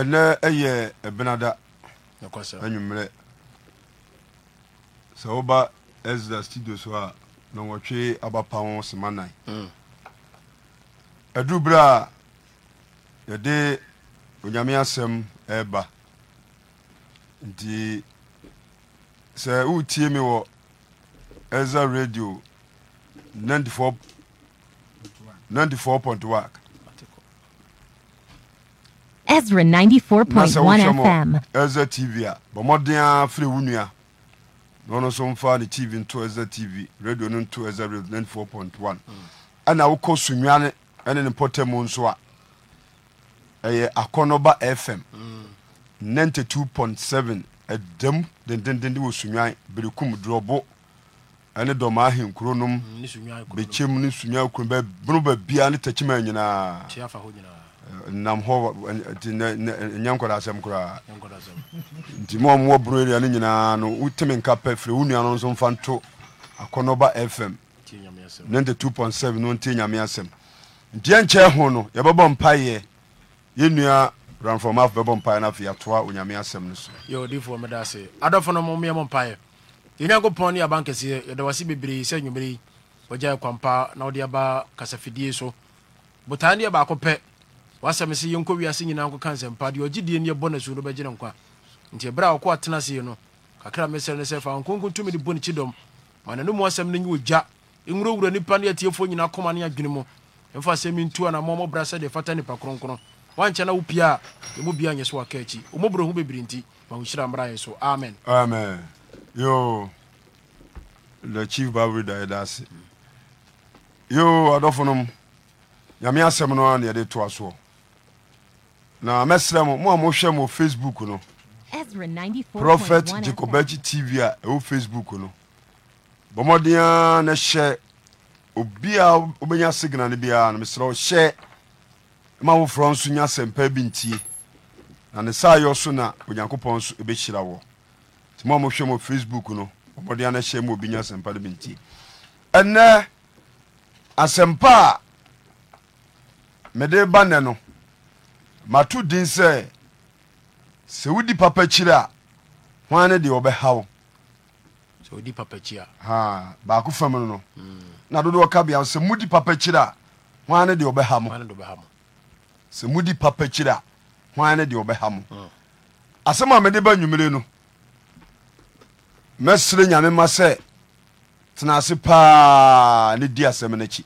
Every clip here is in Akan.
ɛnɛ ɛyɛ ɛbenada anwummerɛ sɛ woba ɛsra studio so a na wɔtwe abapa ho sema nan mm. ɛduru berɛ a yɛde onyame asɛm ɛɛba nti sɛ woretie me wɔ ɛsra radio Ezra 94.1 FM. Ezra TV a bɔmmɔden a firi wo nua na ɔno nso mfa ne TV nto Ezra TV radio no nto Ezra radio 94.1 ɛna wokɔ Sunyane ɛne ne pɔtamu nso a ɛyɛ Akɔnɔba FM 92.7 ɛdam dendenden wɔ Sunyane Berekum Durɔbo ɛne dɔmaa henkuro nom mm, Bekyem ne Sunyane kurom bɛbono baabia ne takyima nyinaa nam hɔ nyɛ nkɔdasɛm koraa nti ma ɔmowɔ broeria no nyinaa no wotimi nka pɛ firi wo nuano nso mfa nto akɔnɔba fm 92.7 no ntie nyame asɛm ntiɛ nkyɛ ho no yɛbɛbɔ mpayɛ yɛnnua ranfɔmafo bɛbɔ mpaeɛ no afei yɛatoa onyame asɛm no so yɛodifoɔ meda ase adɔfo yɛdawase bebree sɛ nwummere yi wɔgya yɛ kwampa na wode aba kasafidie so botae ne baako pɛ wasɛm sɛ yɛnkɔ wiase nyinaa nkɔka nsɛmpa deɛ ɔgye deɛ ni ɛbɔ no asuo no bɛgye nkwa nti ɛberɛ a wɔkɔ atena seɛ no kakra mesɛre no sɛ fa nkonko tumi de bɔ ne kyidɔm ma nano mu asɛm no nyɛ ogya ɛnwurawura nnipa ne atiefoɔ nyinaa kɔma ne adwene mu ɛmfa asɛm ntu anammɔ mɔbra sɛdeɛ fata nipa kronkron wankyɛ na wo pia a ɛmu bia nyɛ so waka akyi ɔmɔborɔhu bebree nti ma wohyira mmra yɛ so amen amen yo the chief bible da ɛda yo adɔfo nom nyame asɛm no a ne yɛde toa soɔ na mɛsrɛ mo mo a mohwɛ mo facebook no prophet jacobachi tv a ɛwɔ facebook no bɔmmɔdea na hyɛ obia wobɛnya signal no biara no mesrɛ hyɛ ma woforɔ nso nya asɛmpa bi ntie na ne sa yɔ so na onyankopɔn nso ɛbɛhyira wɔ nti mo a mohwɛ mo facebook no bɔmmɔdea na hyɛ ma obi nya asɛmpa no bi ntie ɛnɛ asɛmpa a mede ba nɛ no mato din sɛ sɛ wodi papa kyiri a hwan ne deɛ wɔbɛhaw Ha, baako fam no no mm. na dodoɔ ka bia sɛ mudi papa kyiri a hwan ne deɛ wɔbɛha mo ɔne de bɛha mo sɛ mudi papa kyiri a hwan ne deɛ wɔbɛha mo mm. asɛm a mede ba nwumere no mɛsere nyame ma sɛ tena ase paa ne di asɛm no akyi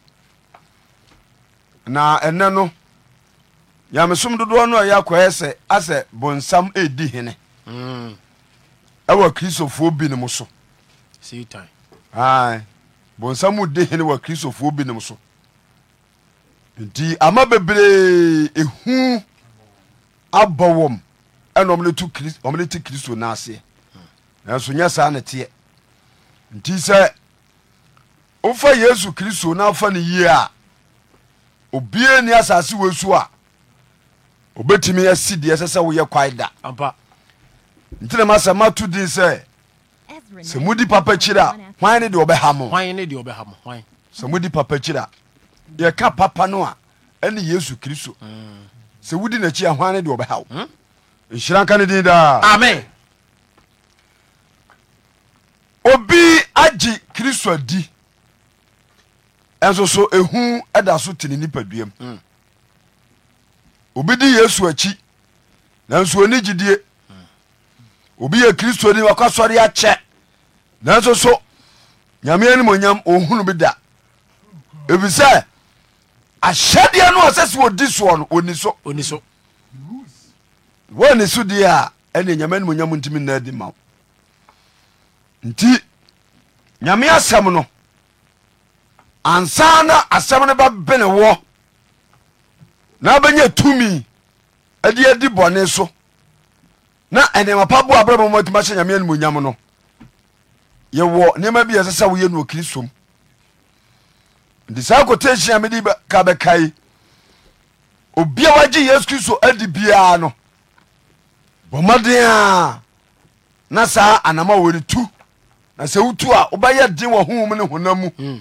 na ɛnɛ no nyamesom dodoɔ no ɛyɛ akɔɛ sɛ asɛ bonsam ɛdi hene mm. ɛwɔ kristofoɔ binom so bonsam di hene wɔ kristofoɔ binom so nti ama bebree ehu abɔ wɔm ɛna ɔmo ne ti kristo n'aseɛ nanso nyɛ saa ne teɛ nti sɛ wofa yesu kristo n'afa ne yie a obie ni asase wɔ su a obɛtumi asi deɛ ɛsɛ sɛ woyɛ kwae da ntinama sɛ mato din sɛ sɛ modi papa kyiri a hwan ne deɛ ɔbɛha mo sɛ modi papa kyiri a yɛka papa no a ɛne yesu kristo mm. sɛ wodi n'akyi a hwan ne deɛ ɔbɛha wo hmm? nhyira nka ne din daa obi agye kristo adi ɛnso so ehu ɛda so te ne nipadua mu hmm obi di yesu akyi nanso oni gyidie obi yɛ kristoni wakɔsɔre akyɛ nanso so nyame animonyam ɔhunu bi da efisɛ ahyɛdeɛ no ɔsɛ sɛ wɔdi soɔ no ɔni so wɔni so deɛ a ɛne nyame animonyam ntimi nna adi ma nti nyame asɛm no ansa na asɛm no bɛbene wɔ na bɛnya tumi ɛde adi bɔne so na ɛnema pa boa abrɛ bɔmɔtumi ahyɛ nyame animonyam no yɛwɔ nneɛma bi ɛsɛ sɛ woyɛ no okristo m nti saa kotation a mede ka bɛkae obia wagye yesu kristo adi biara no bɔ a na saa anama wɔre tu na sɛ wotu a wobɛyɛ den wɔ honhom ne honam mu hmm.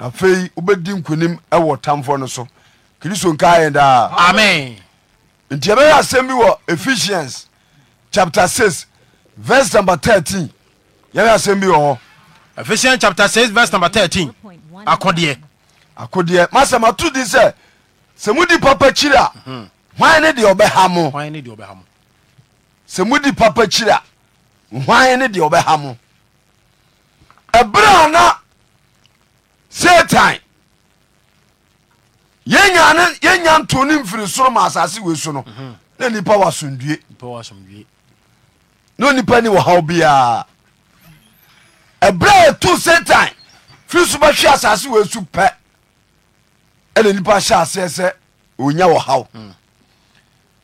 na afei wobɛdi nkonim ɛwɔ tamfoɔ no so ntimɛwɛ asɛm bi wɔ efficience chapte 6 vers nmb 3 ɛsɛm bi wɔɔodeɛmasɛmato di sɛ sɛ modi papa kira deɛɛ sɛ modi papa kyira mhm. hwa ne deɛ ɔbɛha mo brɛna sa yɛnya nto ne mfiri soro ma asase wei so no na nipa wɔ asomdue na onipa ni wɔhaw biaa ɛberɛ ɛtu satan firi so bɛhwe asase wei so pɛ ɛna nipa hyɛ aseɛ sɛ onya wɔhaw hmm.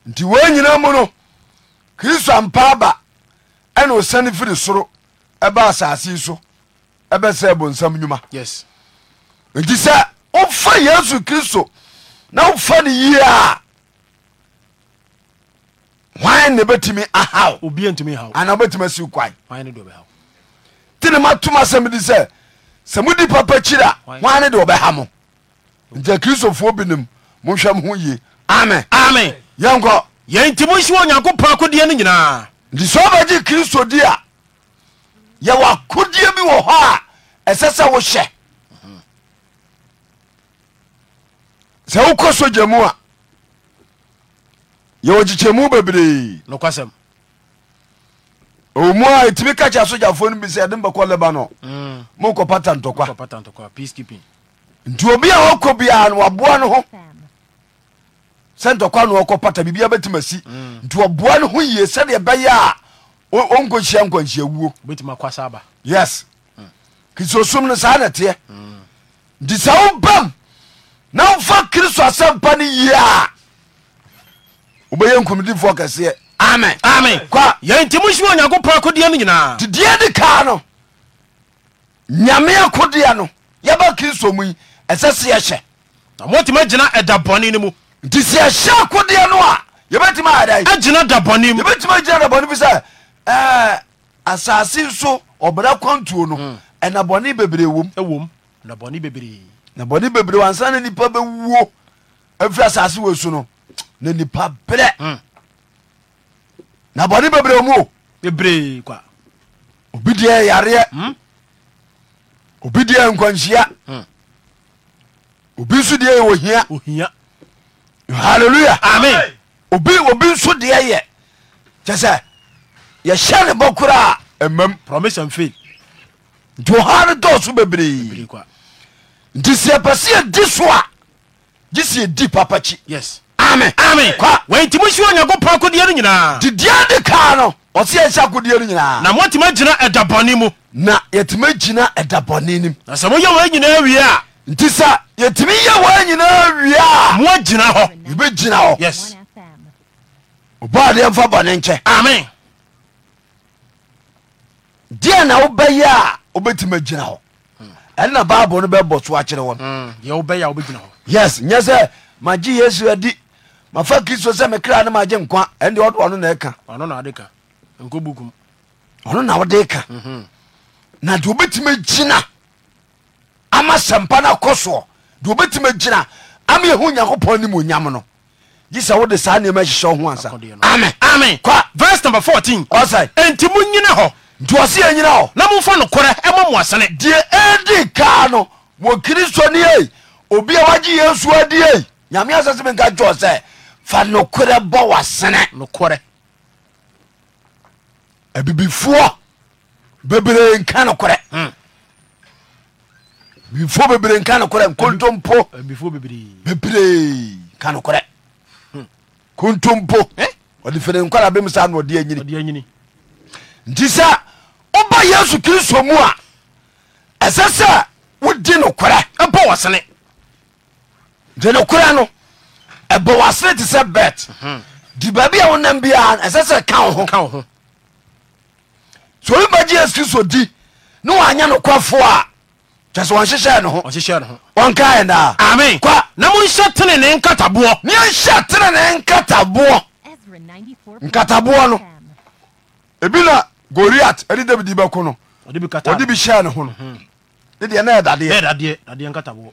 nti wei nyina mu no kristo ampa aba ɛna ɔsane firi soro ɛba asase yi so ɛbɛsɛ bonsam nnwuma nti sɛ wofa yesu kristo na wofa no yie a hwan ne bɛtumi ahaw anaa wobɛtumi asiw kwan nti ne matom asɛm di sɛ sɛ modi papa kyiri a hwan ne de wɔbɛha mo nti kristofoɔ binom monhwɛ mo ho yie amen amen yɛnkɔ yɛnti monhyɛ wɔ onyankopɔn akodeɛ no nyinaa nti sɛ wobɛgye kristo di a yɛwɔ akodeɛ bi wɔ hɔ a ɛsɛ sɛ wohyɛ sɛ wokɔ sogya mu a yɛwɔ kyekyɛmu bebree nokwasɛm ɔmu a ɛtumi ka kyɛ sogyafoɔ no bi sɛ ɛde mbɛkɔ lebanon mm. mokɔpata ntɔkwa nti obi a wɔkɔ biaa no waboa no ho sɛ ntɔkwa no wɔkɔ pata biribia bɛtumi asi mm. nti wɔboa no ho yie sɛdeɛ ɛbɛyɛ a ɔnkɔhyia nkwanhyia wuo yes mm. kisosom no saa nɛteɛ nti sɛ wob asɛmpa no yie a wobɛyɛ nkomdifoɔ kɛseɛ amen amen kwa yɛnti mohyima onyankopɔn akodeɛ no nyinaa nti di kaa no nyame akodeɛ no yɛba kristo mu yi ɛsɛ sɛ yɛhyɛ na motumi agyina ɛda bɔne no mu nti sɛ yɛhyɛ akodeɛ no a yɛbɛtumi ada agyina da bɔne mu yɛbɛtumi agyina da bɔne bi sɛ asase nso ɔbra kwantuo no hmm. ɛnabɔne bebree wom ɛwom nabɔne bebree nabɔne bebree wansa na nipa bɛwuo ɛfiri asase wɔ su no na nipa berɛ na bɔne bebre wɔ mu o bebree kwa obi deɛ yareɛ hmm? obi deɛ nkwanhyia hmm. obi nso deɛ yɛ ohia ohia hallelujah amen obi obi nso deɛ yɛ kyɛ sɛ yɛhyɛ ne bɔ koraa ɛmam promise and faith nti ɔha no dɔɔso bebree nti sɛ ɛpɛ sɛ so a gyesi edi papa kyi. yes amen. amen kɔ. wɛn tí mo si wọn yankun pɔn akodiɛ no nyinaa. didiɛ di kaa no ɔsi ɛsi akodiɛ no nyinaa. na mo tìmɛ gyina ɛda bɔnni mu. na yɛtìmɛ gyina ɛda bɔnni nim. na sɛ mo yɛ wɔn nyinaa wie a. nti sɛ yɛtìmɛ yɛ wɔn nyinaa wie a. mo gyina hɔ. ebi gyina hɔ. yes. ɔbɔ adeɛ nfa bɔnni nkyɛn. amen. deɛ na wobɛyɛ a wobɛtìmɛ gyina hɔ ɛnna baabo no bɛ bɔ so akyerɛ wɔn. yɛ mm, wobɛyɛ a wobɛgyina hɔ. yes nyɛ sɛ magye yesu adi mafa kristo sɛ mekra ne magye nkwa ɛnde ɔde ɔno na ɛka ɔno na wode ka mhm. na deɛ obɛtumi gyina ama sɛmpa no akɔ soɔ deɛ obɛtumi gyina ama yɛhu nyankopɔn ne onyam no gye sɛ wode saa nneɛma hyehyɛ ho ansa amen amen kɔ 14 ɔsɛ enti mo nyina hɔ nti ɔse yɛ nyina hɔ na momfa nokorɛ ɛma mo deɛ ɛdi kaa no wɔ kristo ne ei obi a wagye yesu adie nyame asɛ sɛ menka kyɛɔ sɛ fa nokorɛ bɔ wasene nokorɛ abibifoɔ bebree nka nokorɛ hmm. bibifoɔ bebree nka nokorɛ nkontompo bebre ka nokorɛ hmm. kontompo eh? ɔde fene nkwara bem sa na ɔde anyini nti sɛ woba yesu kristo mu a ɛsɛ sɛ wodi nokorɛ ɛbɔ wɔsene ntinokora no ɛbɔ wasere te sɛ bet mhm. di baabi a wonam biaa ɛsɛ sɛ ka wo ho sɛ obi ba gyees kristo di ne waanyɛ nokwafoɔ a kyɛ sɛ wɔnhyehyɛɛ ne ho ɔnka ɛnaa ame kwa na monhyɛ tene ne nkataboɔ neɛnhyɛ tene ne nkataboɔ nkataboɔ no ebi na goriat ɛde david bɛko no ɔde bi hyɛɛ ne ho no mhm. ne deɛ na ɛdadeɛ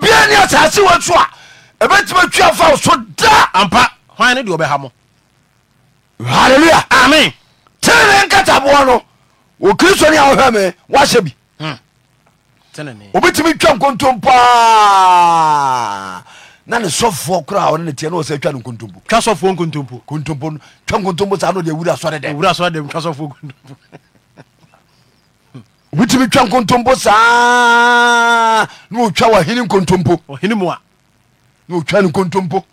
bia ne asase wa so a ɛbɛtumi twa fa so da ampa hwan ne deɛ ɔbɛha mo halleluya amen tene nkataboɔ no okristo ne a wohwɛ me woahyɛ bi hmm. obɛtumi twa nkontom paa na ne sɔfoɔ kora ne tiɛ na ɔsɛ twa no nkontompo twa sɔfoɔ nkontompo nkontompo twa nkontompo saa na ɔde awura asɔre dɛ awura asɔre dɛ twa sɔfoɔ nkontompo wotumi twa nkontompo saa na otwa wahene nkontompo na otwa no nkontompo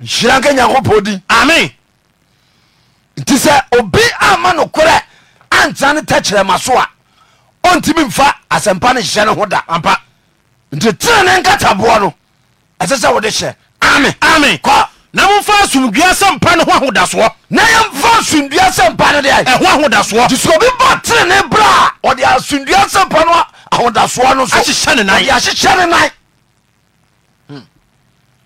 nhyira nka nyankopɔn din amen nti sɛ obi ama nokorɛ antena ne tɛkyerɛma so a ɔntimi mfa asɛmpa no hyɛ no ho da ampa nti tena ne nkataboɔ no ɛsɛ sɛ wode hyɛ amen amen kɔ na momfa asomdua sɛ mpa no ho ahodasoɔ na yɛmfa asomdua sɛ mpa no deɛ ɛho ahodasoɔ nti bɔ tere ne berɛ a ɔde asomdua sɛ mpa no ahodasoɔ no so ahyehyɛ ne nan ahyehyɛ ne nan hmm.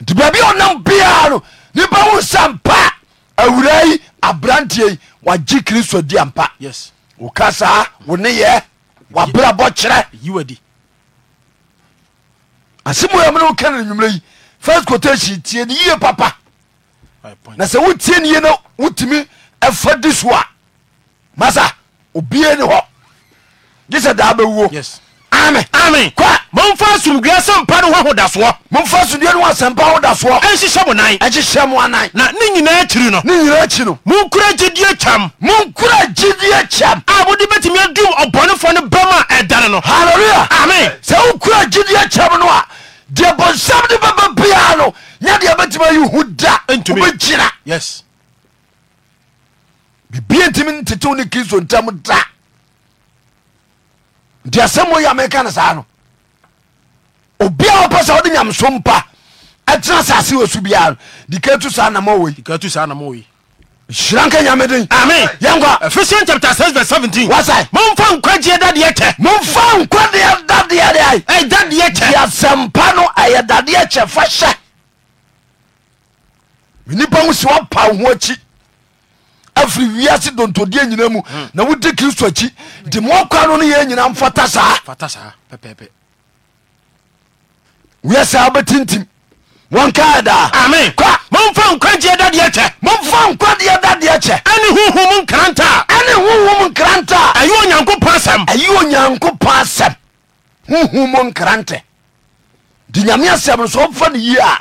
nti baabi a ɔnam biara no nipa wo sɛ mpa awura yi aberanteɛ yi wagye kristo di ampa woka saa wo ne yɛ kyerɛ asɛm ɔyɛ mene woka ne yi first quotation tie ne yie papa na sɛ wotie nie no wotumi ɛfa di so a masa obie ne hɔ gye sɛ daa bɛwuo ami kɔ mɔmfa asomdua sɛmpa no ho ahodasoɔ momfa asomdua no ho asɛmpa ahodasoɔ ɛnhyehyɛ mo nan ɛhyehyɛ mo anan na ne nyinaa akyiri no ne nyinaa akyi no monkura gyidie kyam monkura gyidie kyam a mode bɛtumi adum ɔbɔnefoɔ no bɛm a ɛdane no halleluya ami sɛ wokura gyidie kyam no a kina bebia ntimi tetew ne kristo ntam da nti asɛmoyi mekana sano obiaa pɛsɛ wode nyamso mpa atena sase wasu bia dika tu sa namaweiira ka yamdesmpa n ydadeɛk nipa ho hmm. sɛ wopa oho aci afriwiase dntodɛ nyinamu na wode kristo aci nti mokwanono yɛ nyinafatasaa wea saa batintim wkadaɛɛɛayi onyankopɔ sɛm hohum nkrant nte nyame sɛmno so ofa no yi a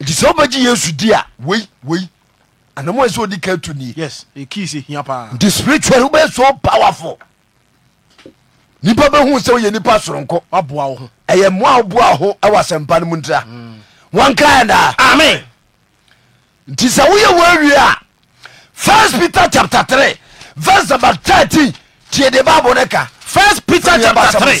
nti sɛ wobɛgye yesu di a wei wei anamɔ sɛ odi ka to nie spiritual wobɛyɛ so powerful nipa bɛhu sɛ woyɛ nipa soronko waboa wo ho ɛyɛ mmoa woboa ho ɛwɔ asɛmpa no mu ntira mm. wɔnkaɛ daa nti sɛ woyɛ wɔawie a first peter chapter 3 verse number 13 tie de bible no ka first peter chapter 3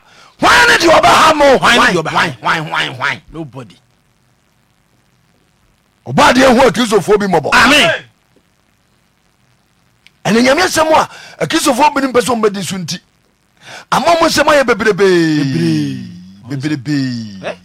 hwan ne deɛ Nobody. mo ɔbaadeɛ ho akristofoɔ bi mmɔbɔ amen ɛne nyame sɛm a akristofoɔ binom pɛ sɛ ɔmbɛdi so nti ama mo nsɛm ayɛ bebrebebrebee eh?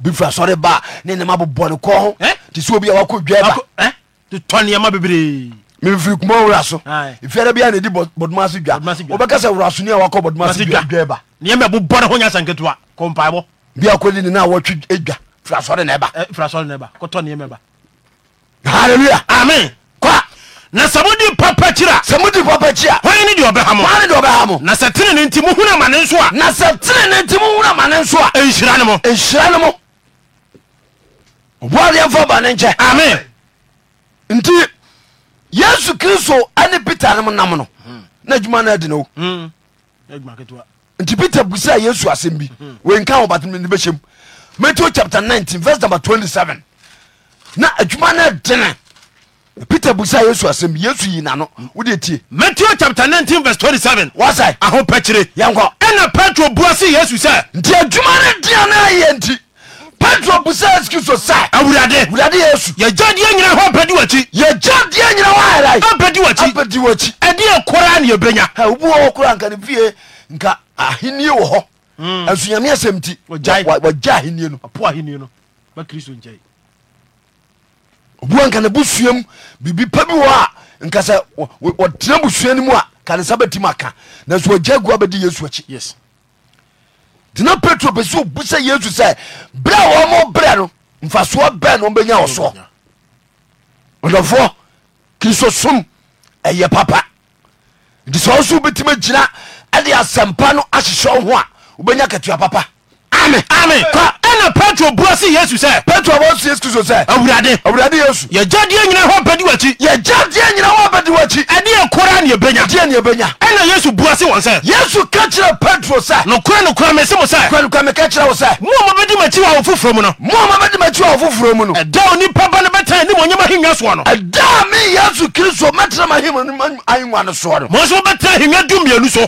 bi firi asɔre ba ne nam abobɔne kɔ ho nti eh? sɛ obi a wakɔ dwa ba eh? tɔ nneɛma bebree mefiri kuma wura so fiara bia nedi bɔdoma ase dwa wobɛka sɛ wura so ne a wakɔ bɔdoma ase dwa ba nneɛma bobɔne ho nya sanketewa kɔmpaebɔ bia kɔdi ne na wɔtwe dwa firi asɔre na ɛba firi asɔre na ɛba kɔtɔ nneɛma ba hallelujah amen kwa na sɛ mode papa kyira sɛ mode papa kyia hwan ne deɛ ɔbɛha mo hwan deɛ ɔbɛha mo na sɛ tene ne nti mohunu amane nso a na sɛ tene ne nti mohunu amane nso a ɛnhyira ne mo ɛnhyira ne mo ɔboadeɛ mfa ba ne nkyɛ amen nti yesu kristo ane peter nom nam no na adwuma no adina hmm. o nti peter busaa yesu asɛm bi wenka wɔbatmne bɛhyɛm matthew chapter 19 verse number 27 na adwuma no adene peter busa yesu asɛm bi yesu yi nano wode tie matthew chapter 19 verse 27 wasɛ ahopɛkyere yɛnkɔ ɛna petro bua se yesu sɛ nti adwuma no dea no ayɛ nti petro busa yesu kristo sa awurade awurade yesu yɛgyadeɛ nyina hɔ apɛdi wakyi yɛgyadeɛ nyina wɔ ayɛra apɛdi wakyi apɛdi wakyi ɛdeɛ koraa ne yɛbɛnya wobi wɔ hɔ nka ne fie nka ahennie wɔ hɔ hmm. ɛnso nyame asɛm nti wɔgya ahennie no apo ahennie no ba kristo nkyɛe obua nka ne bosuam biribi pa bi wɔ a nka sɛ wɔtena busua no mu a ka sa bɛtim aka nanso wɔgya agua bɛdi yesu akyi yes ntina petro pɛsɛ obu sɛ yesu sɛ berɛ a wɔmo berɛ no mfasoɔ bɛɛ no ɔmbɛnya wɔ soɔ ɔdɔfoɔ kristosom ɛyɛ papa nti sɛ wo so wobɛtumi gyina ɛde asɛmpa no ahyehyɛ wo ho a wobɛnya katua papa am ɛna petro bua se yesu sɛyyadeɛ nyinahɔbdi wkia eɛkra nebya ɛna yesu bua se sɛ kyerɛt nokor nokames sɛmabɛdimkiwwfoforɔmu ɛda onipa ba no bɛtanemɔyamahea so noamy ksbɛtea hea duinu so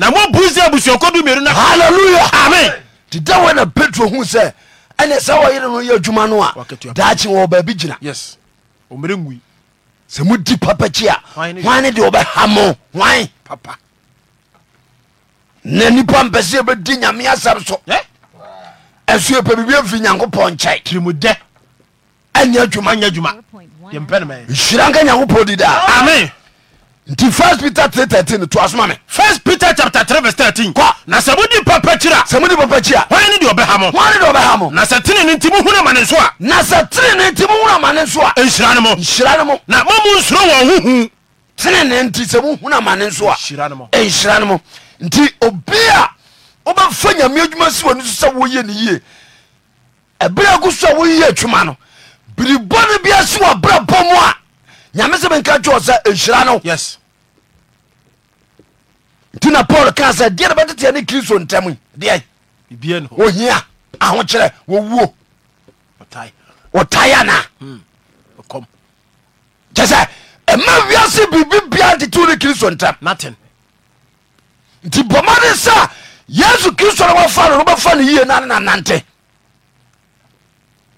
nmobse abuuakɔ nti da wei na petro hu sɛ ɛne sɛ wɔyere no yɛ adwuma no a daakye wɔ baabi gyina sɛ modi papa kyi a hwan ne deɛ wɔbɛha mo hwan papa na nipa mpɛ sɛ yɛbɛdi nyame asɛm so ɛso yɛpɛ biribi amfiri nyankopɔn nkyɛe ɛne adwuma nyɛ adwuma nhyira nka nyankopɔn di daa amen nti first peter three thirteen to asoma mi. first peter chapter three verse thirteen. kɔ na sɛ mo di papa kyira. sɛ mo di papa kyira. wɔn ni de ɔbɛ ha mo. wɔn ni de ɔbɛ ha mo. na sɛ tini ni ti mu hun ama ne a. na sɛ tini ni ti mu hun ama ne a. nhyira ni mo. nhyira ni mo. na mo mu nsoro wɔn huhu. tini ni ti sɛ hun ama ne a. nhyira ni mo. nhyira ni mo nti obi a ɔbɛ fa nyame adwuma si wɔn nso sɛ wɔyɛ ni yie ɛbili akoso a wɔyɛ adwuma no biribɔ ni bi asi wɔ abirabɔ mu a. yamese meka huo se nsera no ntina paul ka se debetetne kristo ntem oia akhere wowo otai an cese ma wiase bibi biant tne kristo ntem nti bomanese yesu kristo nwfanbfane yennante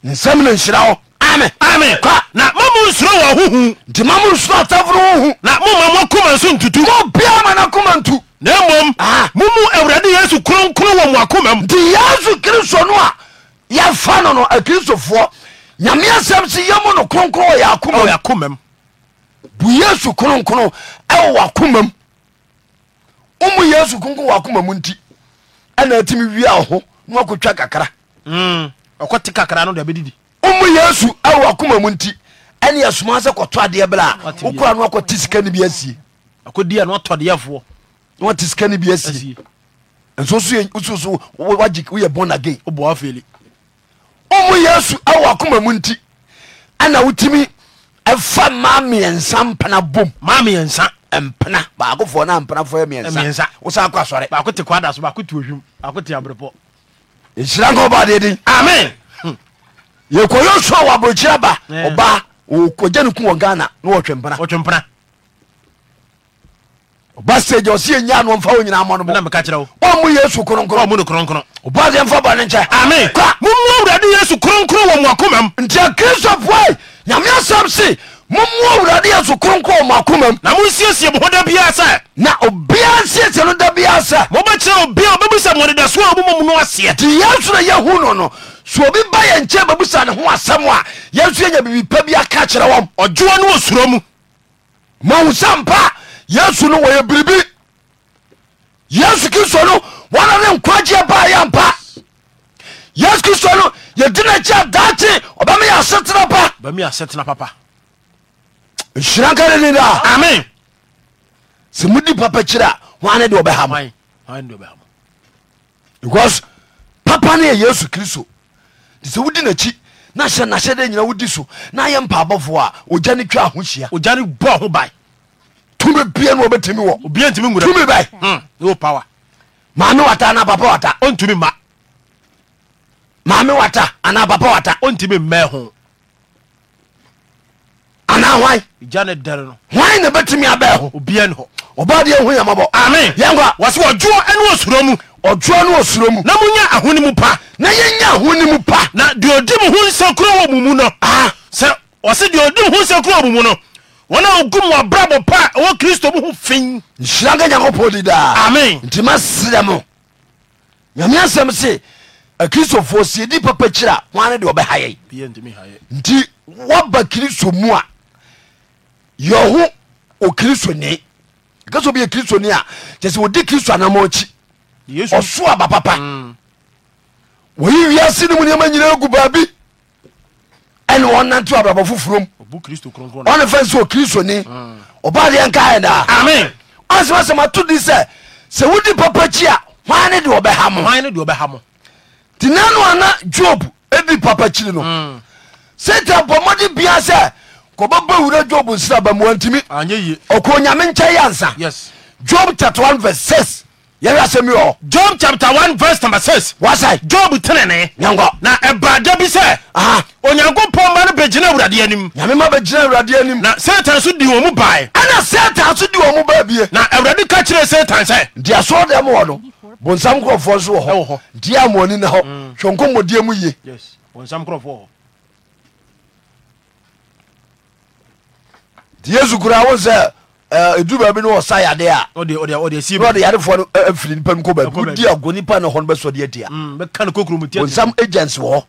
nsemin nserao amen amen kwa na mama nsoro wɔ nti nsoro na mo ntutu ma ntu na mmom ah. awurade yesu kronkron wɔ mo akoma nti yesu kristo no a yɛfa no no akristofoɔ nyame asɛm se yɛmu no kronkron wɔ yɛ akoma bu yesu kronkron ɛwɔ akoma womu yesu kronkron wɔ akoma mu nti ɛna atumi wia wo ho na kakra mm. ɔkɔte kakra no de abɛdidi womu yesu awɔ akoma mu nti ɛne yɛsoma sɛ kɔtɔ adeɛ bela a wokora no akɔte sika no bi asie akɔdi a na watɔdeɛfoɔ na wate sika no bi asie nso so woyɛ born again wobɔ afeli womu yesu awɔ akoma mu nti ana wotumi ɛfa ma mmiɛnsa mpena bom ma mmiɛnsa mpena baakofoɔ na mpenafoɔ mmiɛnsa wo sa akɔ asɔre baako te kwada so baako te ohwim baako te abrepɔ ɛhyira nkɔ baadeɛ amen yɛkɔyɛ so a wɔaborɔkyira ba ɔba ɔgya no ku wɔ ghana na wɔtwempena ɔba stage ɔsɛ yɛnya no ɔmfa wɔ nyinaa mmɔ no ɔmu yesu kronkron ɔba deɛ mfa bɔne nkyɛ ame momu awurade yesu kronkron wɔ moakomam nti akristofoɔ nyame asɛm se momu awurade yesu kronkron wɔ moakomam na monsiesie mo ho da biara sɛ na obiara nsiesie no da biara sɛ mobɛkyerɛ obia obɛbisa mmɔdedasoɔ a mumɔmu no aseɛ nti yesu na yɛhu no no so obi ba yɛ nkyɛ babusa ne ho asɛm a yɛnso yɛnya biribi pa bi aka kyerɛ wɔm ɔdwoɔ no wɔ suro mu mahu sɛ mpa yesu no wɔyɛ biribi yesu kristo no wɔna ne nkwagyeɛ baa yɛ mpa yesu kristo no no akyi a daakye ɔbɛma yɛ asetena pa bɛma yɛ asetena papa nhyira nka ne ni daa amen sɛ mudi papa kyerɛ a wane de ɔbɛha mo because papa ni yɛ yesu kristo sɛ wodi nakyi na hyɛ nahyɛ dɛ nyina wodi so na yɛ mpa abɔfoɔ a ogya ne twa ho hyia ogya ne bɔ ho ban tumi bia no wɔbɛtumi wɔ obia ntumi ngura tumi ban hmm, power maame wata anaa papa wata ɔntumi ma maame wata anaa papa wata ɔntumi mmɛn ho anaa hwan ogya ne dɛre no hwan na bɛtumi abɛn ho obia ne hɔ ɔba deɛ yamabɔ ame yɛnkwa wɔsɛ ɔdwoɔ ɛne ɔsuro mu ɔdwoɔ ne ɔsuro mu na monya ahone pa na yɛnya ahone pa na deɛ ɔdi m ho nsa wɔ mu no sɛ ɔse deɛ ɔdi m ho nsa wɔ mu no wɔn a ogum wɔbrabɔ pa a ɛwɔ kristo mu ho fin nhyira nka nyankopɔn di daa ame nti maserɛ mo nyame asɛm se akristofoɔ sie di papa kyiri a ho ane deɛ ɔbɛha yɛi nti wɔba kristo mu a yɛho okristo nii ɛka sɛ obiyɛ kristo ni a kyɛ sɛ wɔdi kristo anama akyi ɔso aba papa wɔyi wiase no mu nneɛma nyinaa gu baabi ɛne wɔnante abrabɔ foforom ɔne fɛn sɛ okristoni ɔbadeɛ nkaɛ daa ɔne sɛ masɛm ato di sɛ sɛ wodi papa kyi a hwan ne de wɔbɛha mo nti na no ana job ɛdi papa kyiri no satan bɔ mmɔde bia sɛ kɔbɛbɔ wura job nsira ba mua ntimi ɔkɔ nyame nkyɛ yɛ ansa job chapter one verse six yɛhwɛ asɛm yi hɔ job chapter one verse number six wasae job tenene nyankɔ na ɛba da bi sɛ onyankopɔn ma no bɛgyina awurade anim nyame ma bɛgyina awurade anim na satan so di wɔ mu bae ɛna satan so di wɔ mu baa bie na awurade ka kyerɛɛ satan sɛ deɛ soɔ dɛ mɔ no bonsam nkurɔfoɔ so wɔ hɔ deɛ amoani na hɔ mm. hwɛ nkɔmmɔdeɛ mu ye nti yesu kura wo sɛ ɛdu baabi no wɔsa yade a ɔde yarefoɔ no afiri nipa no kɔ baabidi ago nipa ne hɔ no bɛsɔde adia mm, onsam agents wɔ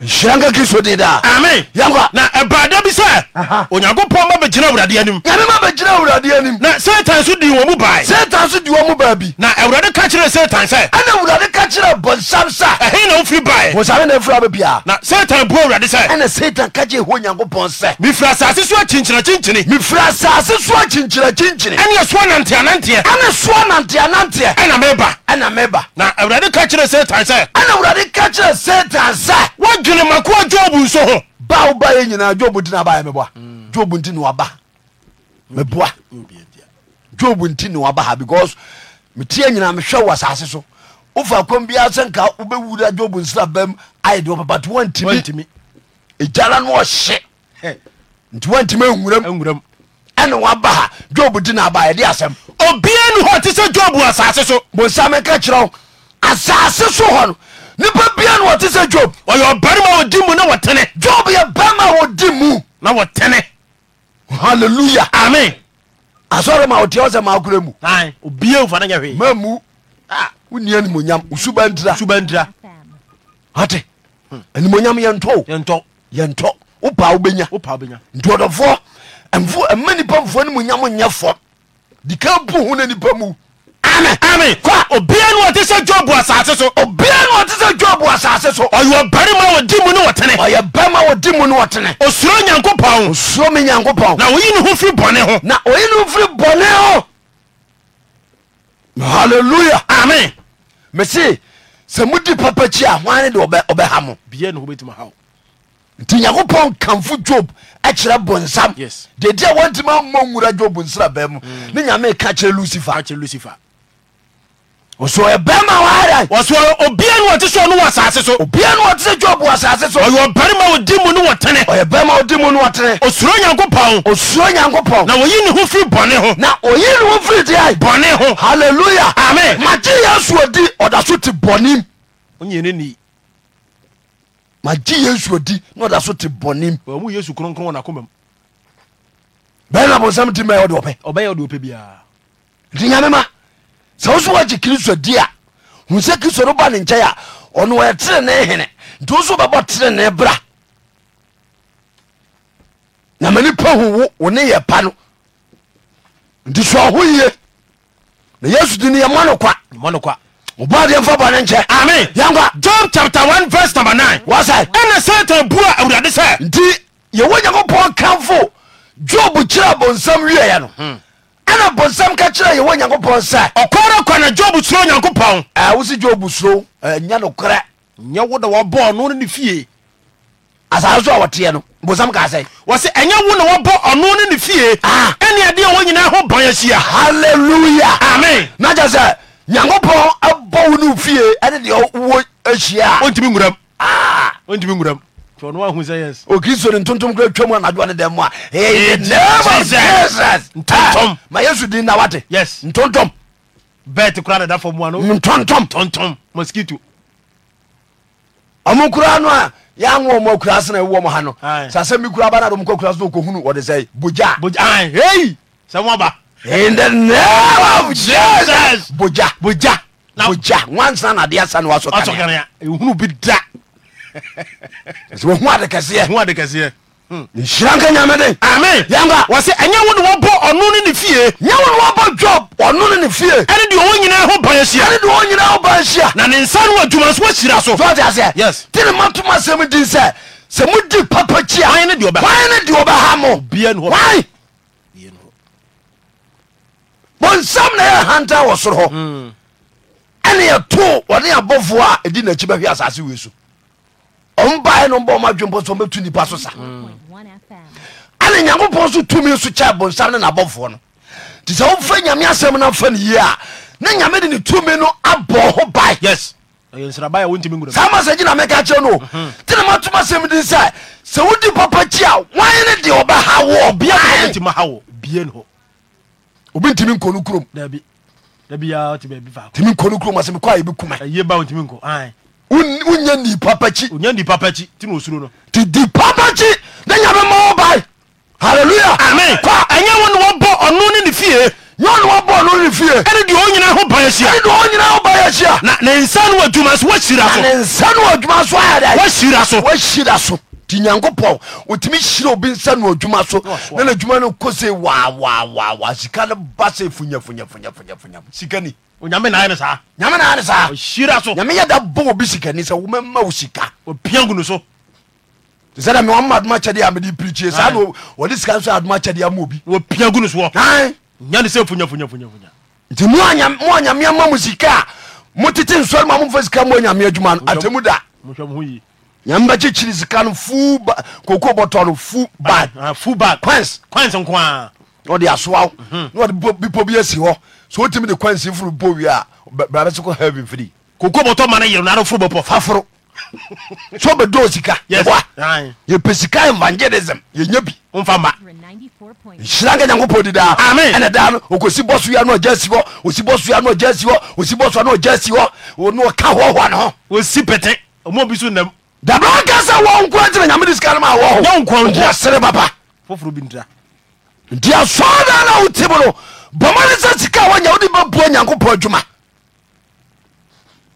nhyira nka kristo din daa ame yɛnkwa na ɛbaada bi sɛ onyankopɔn ma bɛgyina awurade anim nyame ma bɛgyina awurade anim na satan so dii wɔ mu bae satan so di wɔ mu baa bi na awurade ka kyerɛɛ satan sɛ ɛna awurade ka kyerɛɛ bɔnsam sa ɛhe na wofiri bae bɔnsame na afiri abɛbia na satan bua awurade sɛ ɛna satan ka kyerɛ ɛhɔ onyankopɔn sɛ mefiri asase so akyinkyinakyinkyini mefiri asase so akyinkyinakyinkyini ɛneɛ soa nanteananteɛ ɛne soa nanteananteɛ ɛna meba ɛna meba na awurade ka kyerɛɛ satan sɛ ɛna awurade ka kyerɛɛ satan sɛ wodwene makoa job nso ho ba wobayɛ nyinaa job ntine abayɛ meboa mm. job nti ne waba meboa job nti ne waba because metie nyinaa mehwɛ wɔ asase so wofa kwan biara sɛ nka wobɛwura job nsra bam ayɛ deɛ ɔpapa nti wantimi ɛgyala no ɔhye nti wantimi anwuram ɛne waba job di na abayɛ de asɛm obia nu hɔ te sɛ job asase so bonsame ka kyerɛ wo asase so hɔ nipa bia na wɔte sɛ dwob ɔyɛ ɔbarima wɔdi mu na wɔtene dwob yɛ bama wɔdi mu na wɔtene halleluya amen asɔre ma wɔteɛ wɔ sɛ maakora mu obia mfa no nyɛ hwee mamu wonia nimonyam wosuba ntira ate animonyam yɛntɔ yɛntɔ yɛntɔ wopa wobɛnya wopa wobɛnya ntuɔdɔfoɔ ɛmfo ɛma nipa mfoɔ no mu nyam nyɛ fɔ dika bu ho na nipa mu amen amen kɔ obiara ni wɔte sɛ jobu asase so obiara ni wɔte sɛ jobu asase so ɔyɛ ɔbarima wɔ di mu ni wɔtene ɔyɛ bɛrima wɔ di mu ni wɔtene osuro nyankopɔn osuro mi nyankopɔn na oyi ne ho firi ho na oyi ne ho firi ho hallelujah amen mesi sɛ mudi papa kyi a hwan ne de ɔbɛha mo biara ni wɔbɛtumi ha o nti nyankopɔn kamfo job ɛkyerɛ bonsam deɛ deɛ wɔntimi ammɔ nwura job nsra baa mu mm. ne nyame ka kyerɛ lucifer ɔsɛ ɔbɛrima wɔada ɔsɛ obia ne wɔte sɛ ɔno wɔ asase so obia ne wɔte sɛ job wɔ asase so ɔyɛ ɔbɛrima ɔdi mu ne wɔtene ɔyɛ bɛrima ɔdi mu ne wɔtene ɔsuro nyankopɔn ɔsuro nyankopɔn na ɔyi ne ho firi bɔne ho na oyi ni hufi firi deɛ bɔne ho halleluya amen Maji yesu odi ɔda so te o ɔnyɛne ni magye yesu odi na ɔda so te bɔnem ɔmu yesu kronkron wɔ nakomam bɛrima bonsam di mɛ ɔde ɔpɛ ɔbɛyɛ ɔde ɔpɛ biara nti nyame sa wosowakye kristo dia husɛ kristo nobne nkyɛ a ɔnyɛ tere ne hen tiwosowbɛbɔterene bra namani pahuonyɛpas oe nysdin yɛmɔ nokaɔdɛsabaw sɛnti yɛwɔ nyankopɔn kanfo job kyerɛ bonsamwiɛno hmm. ɛna bonsam ka kyerɛ yɛwɔ nyankopɔn sɛ ɔkɔrɛ kwa na job suro onyankopɔn wosi job suro ɛnya nokorɛ nyɛ wo da wɔbɔ ɔno no ne fie asase so a wɔteɛ no bonsam kaa sɛ wɔsɛ ɛnyɛ wo na wɔbɔ ɔno no ne fie ah. ɛne adeɛ wɔ nyinaa ho bɔn ahyia halleluya amen na sɛ nyankopɔn abɔ wo ne fie ɛne deɛ wowɔ ahyia a nwuram Ah, nwuram okristo ne ntontom kora twa mu anadwoa ne dɛ mu a eh, jesus ah, ma yesu din na wate ntontom bet kora ne dafo mu ano ntontom tontom mosquito ɔmo kura no a yɛawo mo akura sena ɛwɔ ha no sa sɛ kura ba na de ɔmokɔ kura so ɔkɔhunu wɔde sɛ bogya hei sɛ moaba in the name of jesus bogya bogya bogya wansana nadeɛ sa ne wasɔkanea ɛhunu bi da wɔhu adekɛseɛ hmm. nhyira nka nyamede amen yɛnka wɔ sɛ ɛnyɛ wo ne wɔbɔ ɔno no ne fie nyɛ wo ne wɔbɔ job ɔno no ne fie ɛne deɛ ɔwɔ nyinaa ho ban ahyia ɛne deɛ ɔwɔ nyinaa ho ban ahyia na ne nsa no adwuma so ahyira so sɔte aseɛ yes te ne asɛm din sɛ sɛ modi papa kyi a hwan ne deɛ ɔbɛha mo hwan bɔnsam na yɛ hanta wɔ soro hɔ hmm. ɛne yɛto wɔne abɔfoɔ a ɛdi n'akyi bɛhwɛ asase wei so ɔmo baɛ no mbɔ ɔmo adwene bɔ so ɔmo tu nipa so sa ɛna nyankopɔn so tumi so kyɛ bonsam ne nabɔfoɔ no nti sɛ wofa nyame asɛm no mfa no yie a ne nyame de ne tumi no abɔ ho bae yes saa ma sɛ gyina meka kyerɛ no mhm. nti na matom asɛm din sɛ sɛ wodi papa kyi a wan ne deɛ ɔbɛha woɔ obi ntimi nkɔ no kurom timi nkɔ no kurom asɛ mekɔ a yɛbɛkuma wonya nipa pakyi onya nipa pakyi ti na osuro no ti dipa pakyi ne nyame ma wobae halleluya amen kɔ ɛnyɛ wo ne wɔbɔ ɔno ne ne fie yɔne wɔbɔ ɔno ne fie ɛne deɛ ɔnyina ho ban ahyia ɛne deɛ ɔnyina ho ban ahyia na ne nsa no adwuma so wɔahyira so ne nsa no adwuma so ayɛ dɛ wɔahyira so wɔahyira so nti nyankopɔn ɔtumi hyerɛ obi nsa no adwuma so na na adwuma no kɔ se wawawawa sika no ba se funyafunyafunyafunyafunya sikani onyame naayɛ no saa nyame naayɛ no saa hyira so nyame yɛ da bɔ obi sikani sɛ womɛma wo sika ɔpia gu no so te sɛ dɛ me wama adoma na wɔde sika nso adoma kyɛdeɛ ama obi wɔpia gu no soɔ nya ne sɛ funyafunyafunyafunya nti mo a nyameɛ ma mo sika nyame ah, ah, mhm. bɛkyekyere sika no fu koko bɔtɔ no fu bagfu bag quins quins nkoa ɔde asoaw na ɔde bipɔ bi asi hɔ so wotumi de quins foro bɔ wie a brabe so kɔ heaven firi koko bɔtɔ ma no yere no aroforo bɔpɔ faforo so bɛdɔɔ sika yɛboa yɛpɛ sika evangelism yɛnya bi mfa ma nhyira nka nyankopɔn didaa ɛne daa no ɔkɔsi bɔ soa no ɔgya si hɔ ɔsi bɔ soa no ɔgya si hɔ ɔsi bɔ soa no ɔgya si hɔ ɔne ɔka hɔhoa ne ho ɔsi pɛte ɔmɔ bi so nam dabraankasa wɔ nkoa ntina nyamede sika no maa wɔhokdasere baba foforo bintra deasoadaa na wotem no bɔ mɔ ne sɛ sika wɔyɛ wode babua nyankopɔ adwuma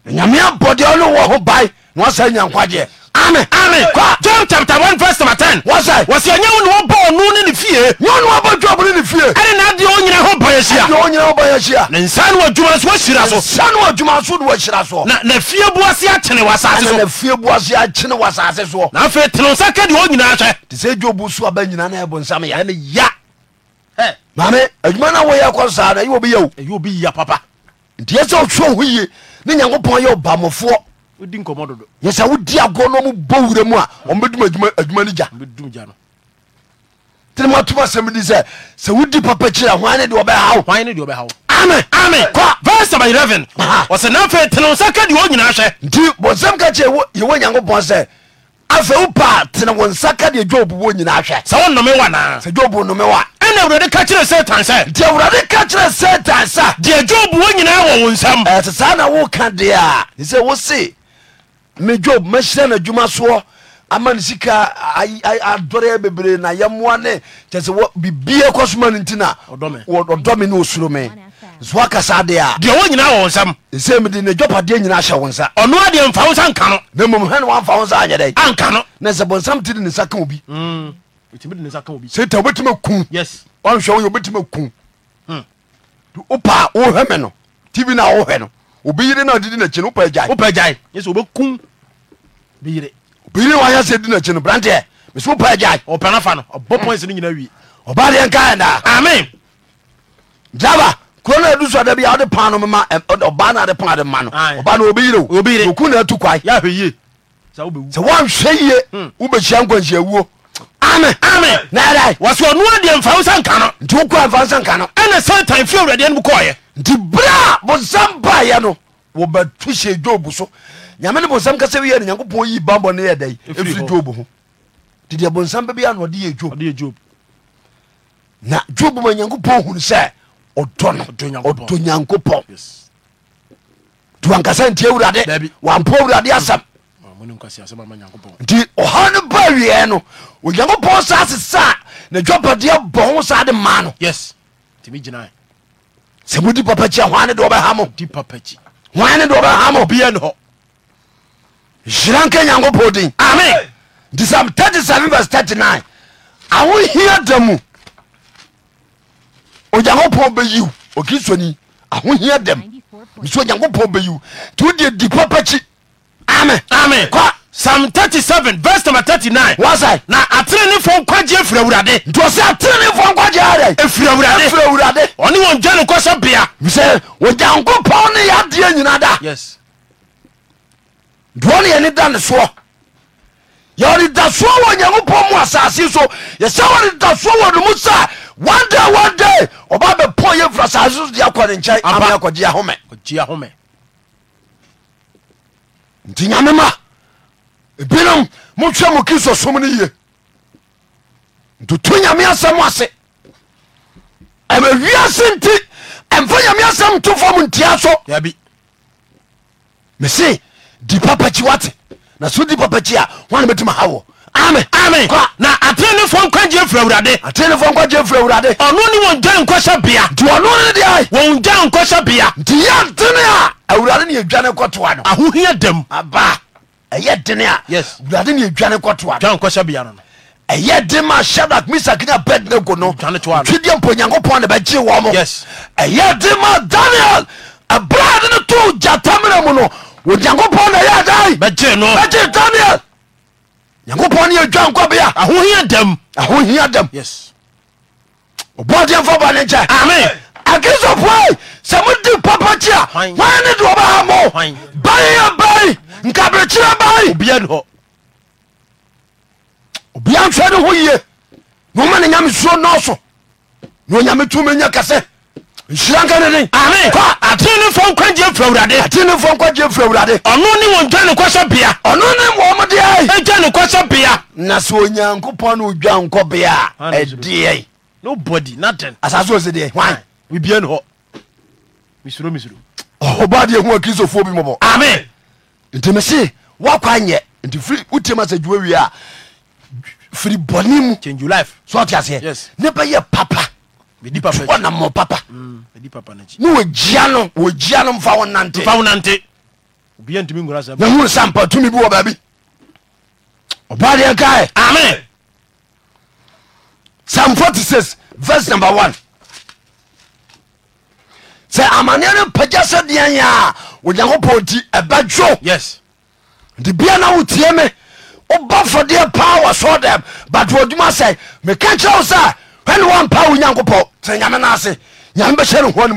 a nyame abɔdeɛ one wɔ ho bae na wasare nyankoagyeɛ amen amen kɔ john chapter one verse number ten wɔsɛ wɔsɛ ɛnyɛ wo na wɔbɔ ɔno ne ne fie nyɔnu wɔbɔ dwɔbo ne ne fie ɛne na adeɛ ɔnyina ho bɔyɛ hyia adeɛ ɔnyina ho bɔyɛ hyia ne nsa ne wɔadwuma so wɔahyira so nsa ne wɔadwuma so de wɔahyira so na na fie buase akyene wɔ asase so na fie buase akyene wɔ asase so na afei tene nsa ka deɛ ɔnyina hwɛ te sɛ dwobu so aba nyina na ɛbɔ nsam yɛ ne ya maame adwuma no wɔyɛ kɔ saa no ɛyɛ obi yɛ o ɛyɛ obi yia papa nti sɛ ɔtwerɛ wodi nkɔmɔ dodo yɛsɛ wodi agorɔ na ɔmo bɔ wura mu a ɔmo bɛ dum adwuma adwuma ni gya bɛdum gya no tẹni mo atuma sẹmi di sẹ sẹ wudi papa kyerɛ hwan ne de ɔbɛ hwan ne de ɔbɛ haw ami kɔ verse number eleven ɔsɛ n'afɛ tẹnu nsa ka di o nyinaa hwɛ. nti bɔnsɛm ka kyerɛ yewo nyanko bɔn sɛ afɛ wo paa tẹnu wɔn nsa ka di edwa obuwo nyinaa hwɛ. sɛ wɔn nnome wa naa. sɛ edwa obuwo nnome wa. ɛna awurade ka kyerɛ satan sɛ. nti awurade ka kyerɛ satan sa. di edwa obuwo nyinaa wɔ wɔn nsam. ɛɛ sisan na wo kan de a nisɛ wo se me job mɛhyerɛ no adwuma soɔ ama no sika adɔreɛ bebree na yɛmmoa ne kyɛ sɛ bibia kɔ soma no nti na ɔdɔme ne ɔsuro me so wakasa deɛ a deɛ wɔ nyinaa wɔ wo nsam ɛsɛ mede ne nyinaa hyɛ wo nsa ɔno adeɛ mfa wo nsa nka no na mmom hɛ ne wamfa wo nsa anyɛ dɛ anka no na sɛ bɔnsam te de ne nsa ka obi hmm. sɛta wobɛtumi aku ɔnhwɛ woyɛ wobɛtumi aku hmm. wopaa wohwɛ me no tv no a wohwɛ no obi yere na didi n'akyi no wopɛ gyae wopɛ gyae yẹ sẹ obekum bi yire obi yere wayɛ sɛ di n'akyi no branteɛ mesi wopɛ gyae ọpẹ n'afa no ọbọ points no nyinaa wie ɔba deɛ nka ɛnaa amen draba kuro no adu so ada bia wode paa no mema ɛm, ɔde- ɔba no ade de ma no Aye. ɔba no obi yere o Obi yere. oku na atu kwae yà á hwẹ yie sá wọ́n bẹ wù sɛ woanhwɛ yie hmm. wobɛhyia nkwanhyia wuo wɔsɛ ɔnoa deɛ mfawo sɛ nka no nti wokɔ mfawo sɛ nka no ɛna satan fie awuradeɛ no mu nti berɛ a bonsam baeɛ no wɔbatu hyɛ dwob so nyame ne bonsam kasa wiyɛ no nyankopɔn yi bambɔ no yɛ dɛ ɛfiri dwob ho nti deɛ bonsam bɛbi a na ɔde yɛ dwob na dwob ma nyankopɔn hun sɛ ɔdɔ no ɔdɔ nyankopɔn nti wankasa ntie awurade wampɔ awurade nti ɔha no ba wie no onyankopɔn sa sesaa na dwapadeɛ bɔ ho saa de ma no sɛ modi papakyi a hwane de wɔbɛha mo hwane de wɔbɛha mo hyira nka nyankopɔn din ame nti 37 vs 39 ahohia da mu onyankopɔn bɛyiw okristo ni ahohia dam meso onyankopɔn bɛyiw nti wodie di papakyi amen amen kɔ psalm 37 verse number 39 wasa na atenenefoɔ nkwagye afiri awurade nti ɔsɛ atenenefoɔ nkwagye adɛ ɛfiri awurade ɛfiri awurade ɔne wɔn gya no kɔsɛ bea sɛ onyankopɔn ne yɛ adeɛ nyina da yes doɔ ne yɛne da ne soɔ yɛwɔde da soɔ wɔ onyankopɔn mu asase so yɛsɛ wɔde da soɔ wɔ no mu sa one day one day ɔba bɛpɔ yɛ firi asase so deɛ akɔ ne nkyɛn ameakɔgye ahome nti yame ma ebinom motwe mo kristo somo no ye ntoto nyame asɛ mo ase abewise nte mfa nyame asɛm tofoo mo ntia so mese di papakhi wate na so di papakhi a waane betimi hawo amen amen na atenefo nkwagye firi awurade atenefo nkwagye firi awurade ɔno ne wɔn gya nkɔhyɛ bea nti ɔno ne deɛ wɔn gya nkɔhyɛ bea nti yɛ dene a awurade ne yɛdwane kɔtoa no ahohia dam aba ɛyɛ dene a awurade ne yɛdwane kɔtoa no gya nkɔhyɛ bea no no ɛyɛ de ma shadak misak ne abednego no twedeɛ mpo onyankopɔn ne bɛgye wɔ mo ɛyɛ de ma daniel ɛberɛ ade no too gyatamena mu no onyankopɔn na ɛyɛ dae bɛgye daniel nyankopɔn ne yɛdwa nkwa bia ahohia dam ahohia dam ɔbɔdeɛmfa ba ne nkyɛ amen akristofoɔ sɛ mode papa kyi a hwan ne de wɔbɛha mo bayɛ bai nkaberɛkyerɛ bai obia ne hɔ obia nhwɛ ne ho yie na ɔma ne nyame suo nɔɔso na onyame tumi nya kɛsɛ nhyira nka ne den. ami kɔ atenefo nkwagye fira wurade. atenefo nkwagye fira wurade. ɔno ni wɔn gya ne kɔsɛ bea. ɔno ni wɔn deɛ. egya ne kɔsɛ bea. na sɛ onyankopɔn no dwa nkɔ bea ɛdeɛ. nobody nothing. asase o se deɛ hwan. bibia ni hɔ misiro misiro. ɔba deɛ hu akirisofoɔ bi mɔbɔ. ami ntemese wakɔ anyɛ nti firi wutiema sɛ juwe wie a firi bɔnni mu. change your life. sɔɔ ti aseɛ. yes. ne bɛ yɛ papa ɔnamɔ papa mm, ne wɔgyia no wɔgyia no mfa wo nante nahuru sa mpa tumi bi wɔ baabi ɔbadeɛ kae amen psalm 46 verse number one. sɛ amanneɛ no pagya sɛ deɛn yɛ a onyankopɔn ti ɛbɛdwo yes nti bia na wotie me woba fɔdeɛ paa wɔ sɔ dɛm but wɔdwuma sɛ meka kyerɛ wo sɛ ampao yankp nyamse yam bɛryayankpyankpyankasbpaka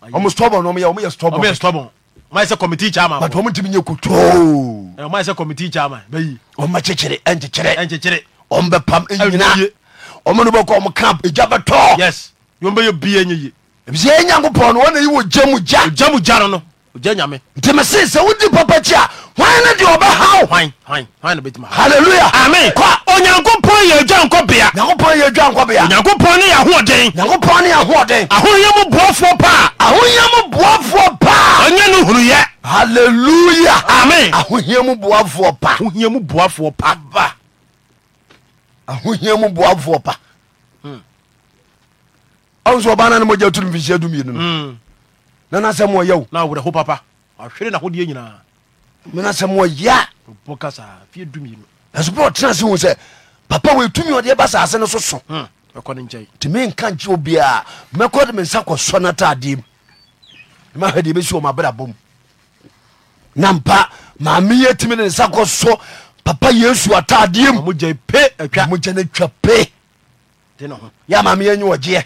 sooose commitee mtmyese commitee kker kkr ombepam yne omen omka egabetoy meye bi ye ye biseyankopo n waneyi wo yemu aamu janno a yame t mese se wode popatia hwan ne deɛ ɔbɛhaw halleluya ami kɔ onyankopɔn yɛ adwa nkɔbea nyankopɔn yɛ adwa nkɔbea onyankopɔn ne yɛ ahoɔden nyankopɔn ne yɛ ahoɔden ahoyɛ mu boafoɔ paa ahoyɛ mu boafoɔ paa ɔnyɛ no hunuyɛ halleluya ami ahoyɛ mu boafoɔ pa ahoyɛ mu boafoɔ pa ba ahohia mu boafoɔ pa hmm. ɔn so ɔba no ne mɔgya turu mfihyia dumienu no hmm. nanasɛ mɔyɛwo na awerɛho papa ahwere nahodeɛ nyinaa mena sɛ mɔyea ɛso pɛ ɔtena se hu sɛ papa wɔɛtumi ɔdeɛ ba saase no so so hmm, nti menka nkye obiaa mɛkɔ de me nsa kɔsɔ no taadeɛ mu mahwɛ deɛ bɛsi wɔ mabrabɔ mu na mpa maameyɛ timi ne nsa kɔ so papa yesu ataadeɛ mu mogya no twa pe yɛ maameyɛ nye wɔgyeɛ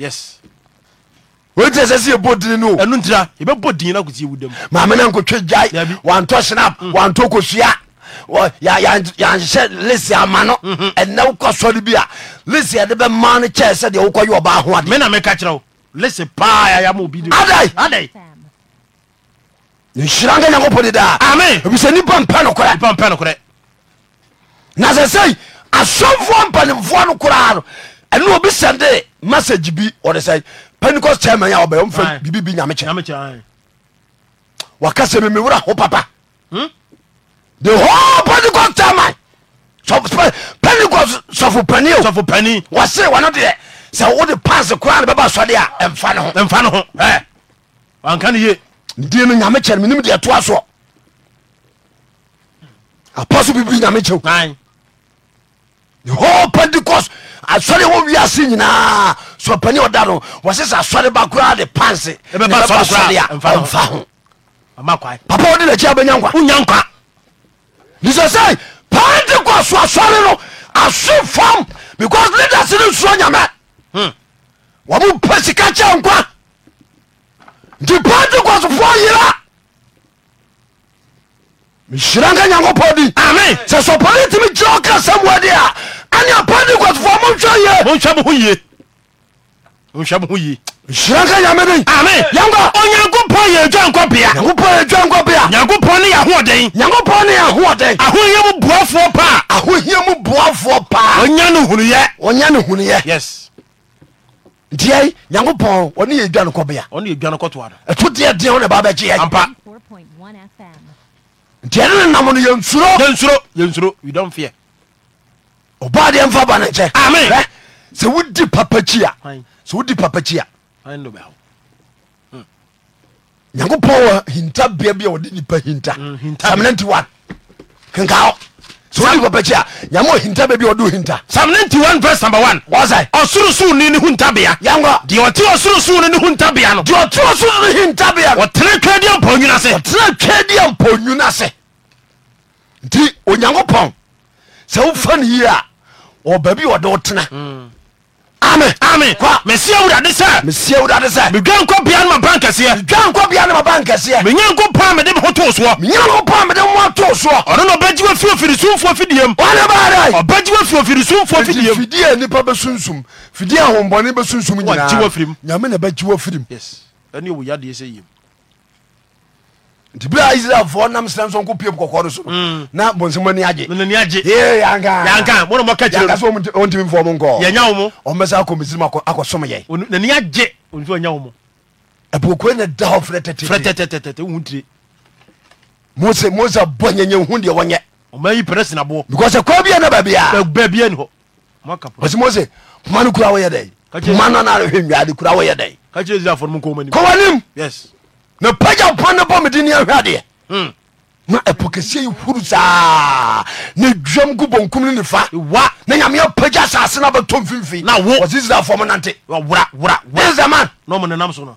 wọ́n sẹ́ sẹ́ yẹ bó din mm-hmm. mm-hmm. ni o. ẹnu ntira yẹ bẹ bó din na kò sí ewu dẹ mu. maame náà nkotwe jai wàntọ́ snap wàntọ́ kosua yànhyẹ lisi ama no ẹnẹ wọkọ sọrọ bi lisi yẹ bẹ maa ni kyẹ sẹ deɛ wọkọ yẹ ọba ahu adi. mi na mi ka kyerɛ o lisi paa ya yà mọ obi de. adayi adayi. nhyira nka nyankopɔ de daa. ami ebisɛ nipa mpɛ no korɛ. nipa mpɛ no korɛ. na sɛ sɛ asɔnfoɔ mpanimfoɔ no koraa obi sɛnde message bi ɔde pentecost chairman a ɔbɛyɛ ɔmfa biribi bi nyame kyɛ waka sɛ memewura ho papa hmm? the whole pentecost chairman pentecost sɔfo pani o sɔfo pani wɔse wɔno deɛ sɛ wode pass koraa no bɛba sɔde a ɛmfa ne ho ɛmfa ne ho ɛ wanka ne ye ndie no nyame kyɛ no menim deɛ toa soɔ apostle bibi nyame kyɛw the whole pentecost asɔre wɔ wiase nyinaa sɔpani ɔda no wɔse sɛ asɔre ba koraa de panse ɛbɛbasɔre a ɔmfa ho papa wode nakyi abɛnya nkwa wonya nkwa ne sɛ sɛ pante kɔ so asɔre no aso fam because leaders no nsuo nyame wɔmo pɛ sika kyɛ nkwa nti pante kɔ sofoɔ yera nhyira nka nyankopɔn di ame sɛ sɔpani timi gyerɛ ɔka sɛm wɔde a ɛnea pentecostefoɔ monhwɛ ye monhwɛ mo ho yie monhwɛ mo ho yie nhyira nka nyame den ame yɛnkɔ onyankopɔn yɛ adwa nkɔbea nyankopɔn yɛ adwa nkɔbea nyankopɔn ne yɛ ahoɔden nyankopɔn ne yɛ ahoɔden ahohia mu boafoɔ paa ahohia mu boafoɔ paa ɔnya no hunuyɛ ɔnya no hunuyɛ yes ntiɛ nyankopɔn ɔne yɛ adwa nkɔbea ɔne yɛ adwa nkɔtoa no ɛto deɛ deɛ wo ne ba bɛgyeɛ ampa ntiɛ ne ne nam no yɛnsuro yɛnsuro yɛnsuro we don't fear ɔbd fa bnhwppc acyakphnhmpyk sɛ wofa no yie a ɔbaabi wɔde wo tena mesia wurade sɛ mesia wurade sɛ medwa nkɔ bia no ma ban kɛseɛ dwa nkɔ bia no ma ban kɛseɛ menya nkopɔn a mede me ho too soɔ menya nkopɔn a mede mo atoo soɔ ɔno na ɔbɛgye wa fi ofirisumfoɔ fidiem ɔne baada ɔbɛgye wa fi ofirisumfoɔ fidiem fidie a nipa bɛsunsum fidie a ahombɔne bɛsunsum nyinaa gye wa firim nyame na bɛgye wa firim ɛne ɔwɔ yadeɛ sɛ yim nti bere israelfoɔ nam sra nso nko pie mu kɔkɔɔ no so no mm. na bonsɛm ani agyeɔntimi mfoɔ mo nkɔ ɔmbɛsa akɔ misiri mu akɔsom yɛ apokue ne da hɔ frɛ tɛtmose bɔ nyɛnyɛ hu deɛ wɔnyɛ ɔmayi pɛrɛsi nabɔ. because ɛkɔ bia na baabi a. bɛɛ bia ni hɔ. ɔsi mose kuma ni kura wɔyɛ dɛ kuma nana ahwɛ nwi adi kura wɔyɛ dɛ. kakyere zi afɔlɔmu kɔn mu ni. kɔwani mu. yes na pagya pɔ no bɔ mede neahwɛ deɛ hmm. na ɛpo kɛseɛ yi huru saa na dwam gu bonkum no nifa wa na nyameɛ pagya asase no bɛtɔ mfimfi na wo ɔsisirafoɔ mo nante wrawrawsɛman na ɔmo nenam so no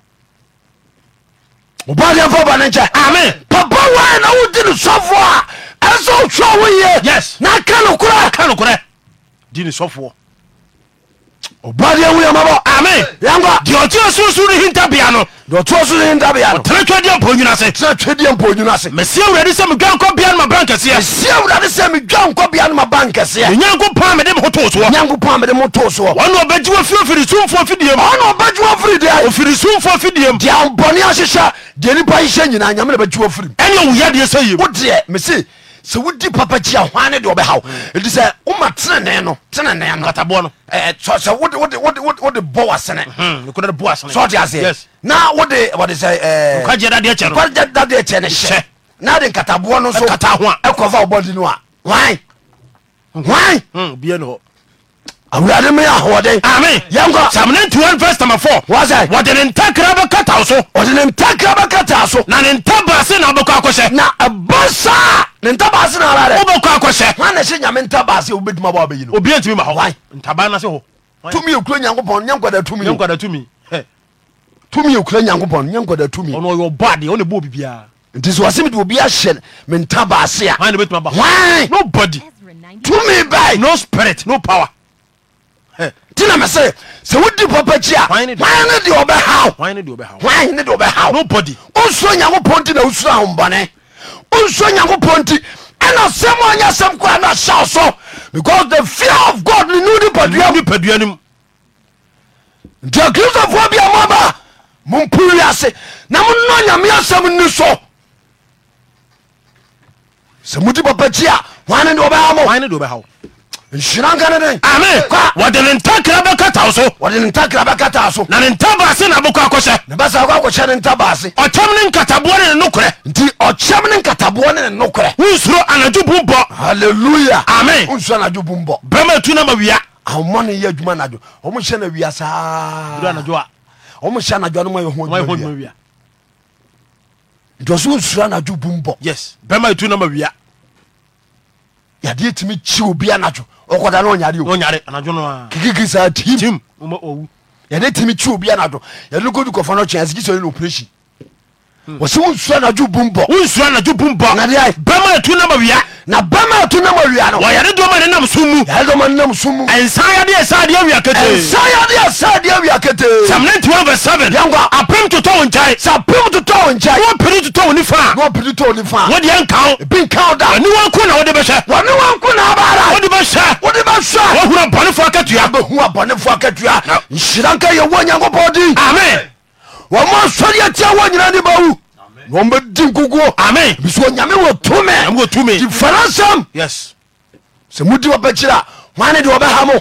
obadeɛmfa ba ne nkyɛ amen papa wa na wodi ne sɔfoɔ a ɛsɛ ɔtwerɛ wo yie yes na ka nokorɛ ka nokorɛ di ne sɔfoɔ obadeɛ wuyamabɔ amen yɛnkɔ deɛ ɔkyerɛ sorosoro no hinta bia no dɔtɔ so ne ntabi yan. ɔtɛnɛ twɛdiɛ mpɔ ɲinan se. ɔtɛnɛ twɛdiɛ mpɔ ɲinan se. mɛ si awurade sɛ mi gba nkɔ biya numa ban kɛseɛ. si awurade sɛ mi gba nkɔ biya numa ban kɛseɛ. nyanko pan mi de mo to soɔ. nyanko pan mi de mo to soɔ. wɔn n'o bɛ jiwɔ fiyewu firi sun fɔ fidie mu. wɔn n'o bɛ jiwɔ firi diɛ. o firi sun fɔ fidie mu. diɛ nbɔnni ahyehyɛ diɛ nipa ahyehyɛ nyinaa nyamina bɛ jiwɔ firi. ɛni sɛ wodi papa kyi a hwan ne deɛ ɔbɛhaw ɛti sɛ woma tenene no tenene nokataboɔ no sɛ wode bɔ wasene sɛ ɔte aseɛ na wode wɔde sɛ nkwagye dadeɛ kyɛ no hyɛ na de nkataboɔ no so ɛkɔfa wobɔdi no a hwan hwan mhm, awurade mi ahoɔden. ami yɛn kɔ. samina twenty one verse number four. wɔsɛ. wɔde ne ntakira bɛ kata so. wɔde ne ntakira bɛ kata so. na ne ntabaase na ɔbɛkɔ akɔhyɛ. na ɛbɔ saa ne ntabaase na ara dɛ. ɔbɛkɔ akɔhyɛ. wọn na se nyame ntabaase o bɛ duma bɔ a bɛ yin. obi yɛn tumi ma hɔ. wayi ntaban na se hɔ. tumi yɛ kura nyanko pɔn nyanko da tumi. nyanko da tumi. tumi yɛ kura nyanko pɔn nyanko da tumi. ɔnɔ yɔ bɔ adeɛ ɔnɔ bɔ obi biara. nti sɛ wɔsɛ mi de obi ahyɛ me ntabaase a. wọn na bɛ tuma ba. wọn. nobody. tumi bɛɛ. no spirit no power. Tina, ntina mese sɛ wodi pɔpa kyi a hwan ne deɛ ɔbɛhaw hwan ne deɛ ɔbɛhaw nobody onsuo nyankopɔn nti na wosura ahombɔne onsuo nyankopɔn nti ɛna sɛm a ɔnyɛ sɛm koa na hyɛw so because the fear of god ne nu nipadua mu nti akristofoɔ bia mɔba mompo wiase na monɔ nyame asɛm nni so sɛ modi pɔpa kyi a hwan ne deɛ ɔbɛhaw mo nhyira nka ne den. ami wɔde ne ntakira bɛ kata so. wɔde ne ntakira bɛ kata so. na ne ntabaase na bɔkɔ akɔhyɛ. ne basa akɔ akɔhyɛ ne ntabaase. ɔkyɛm ne nkataboɔ ne ne nukurɛ. nti ɔkyɛm ne nkataboɔ ne ne nukurɛ. nsoro anadu bun bɔ. hallelujah. ami nsoro anadu bun bɔ. bɛrɛmɛ tu na ma wia. ahomɔ ne yɛ adwuma anadu wɔn hyɛ na wia saa. duro anadu a. wɔn hyɛ anadu anuma yɛ hɔn adwuma wia. ntɔso nsoro anadu bun bɔ. yes bɛrɛmɛ tu na ma wia yadeɛ tumi kyi obi anadwo ɔkɔda no ɔnyare kikiki saa tim yɛde tumi kyi obi anadwo yɛde kɔdu kɔfa no kyɛn asigyi sɛ ɔyɛ operation wɔsɛ hmm. wonsua anadwo bumbɔ wonsua anadwo bumbɔ bɛma atu nama wia bɛma nyaredmane nam sommuns a konaɛ nkanna woɛɛɛɛ bɔnefoɔ kaaayɛwnyankpɔd a ɔtianyia na ɔmbɛdi nkukuo ame biso onyame wɔ tume nti fara nsɛm sɛ mudi wɔbɛkyerɛ a hwane de wɔbɛha mo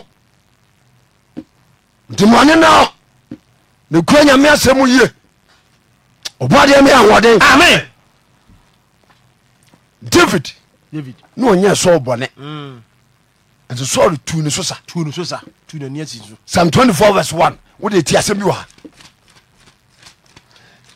nti moane na na kura nyame asɛm mu yie ɔbɔdeɛ me ahoɔden ame david na ɔnyɛ sɔl bɔne mm. nti sɔl tu ne so sa psalm 24 vs 1 wode ti asɛm bi wɔ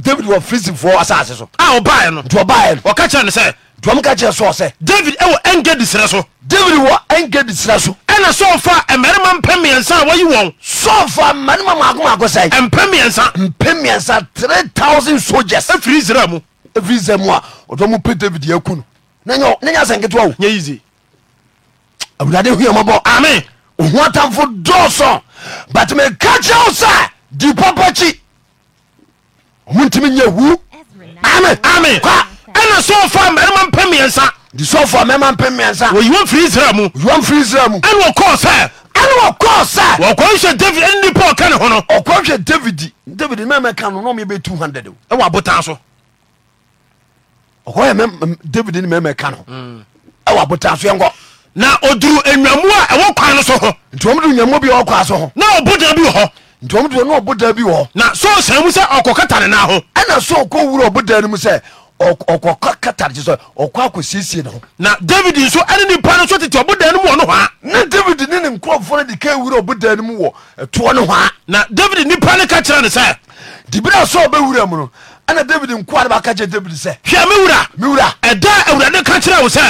david wɔ filistifoɔ asase so a ɔbaɛ no nti ɔbaɛ no wɔka kyerɛ no sɛ duam ka kyerɛ sɔɔ sɛ david ɛwɔ ɛngedi serɛ so david wɔ ɛngedi serɛ so ɛna sɔɔfa mmarima mpɛ mmiɛnsa a wɔyi wɔn sɔɔfa mmarima maakomaako sɛ mpɛ mmiɛnsa mpɛ mmiɛnsa 3000 soldiers ɛfiri israel mu ɛfiri israel mu a ɔdɔ mu pɛ david yɛku no nanyɛ sɛ nketewa wo nyɛ yize awurade huamɔbɔ ame ohu atamfo dɔɔso but meka kyerɛ wo sɛ di pɔpɔkyi ɔmontimi nya wu ɛna sɔfoɔ mmarima mpɛ miɛnsa nti sɔfoɔ mmarima mpɛ miɛnsa wɔyiwɔ mfiri israel mu yiwɔ mfiri israel mu ɛna wɔkɔɔ sɛ ɛna wɔkɔɔ sɛ wɔkɔhwɛ david ɛne nipa ɔka ne ho no ɔkɔhwɛ david david mɛmɛka no na ɔmyɛbɛ 200 o ɛwɔ abotan so ɔkɔhwɛ david ne mɛmɛka no ɛwɔ hmm. abotan so yɛnkɔ na ɔduru anwamu a ɛwɔ kwan no so ho nti ɔmde nwamu bi ɔwɔ kwa ho na ɔbodan bi wɔ hɔ nti ɔmo deɛ ɔno ɔboda bi wɔ. na so sàn mu sɛ ɔkɔ kata ne nan ɛna so ɔkɔ wura ɔboda no mu sɛ ɔkɔ kata ne sɛ ɔkɔ akɔ siesie ne ho. na david nso ɛne nipa no nso tete ɔboda no mu wɔ no hɔ a. na david ne ne nkurɔfoɔ no de ka wura ɔboda no mu wɔ ɛtoɔ no hɔ a. na david nipa no ka kyerɛ ne sɛ. dibira so ɔbɛwura mu no na david nkoane bakakye david sɛ hɛmwrwr da awrade ka kyerɛ o sɛ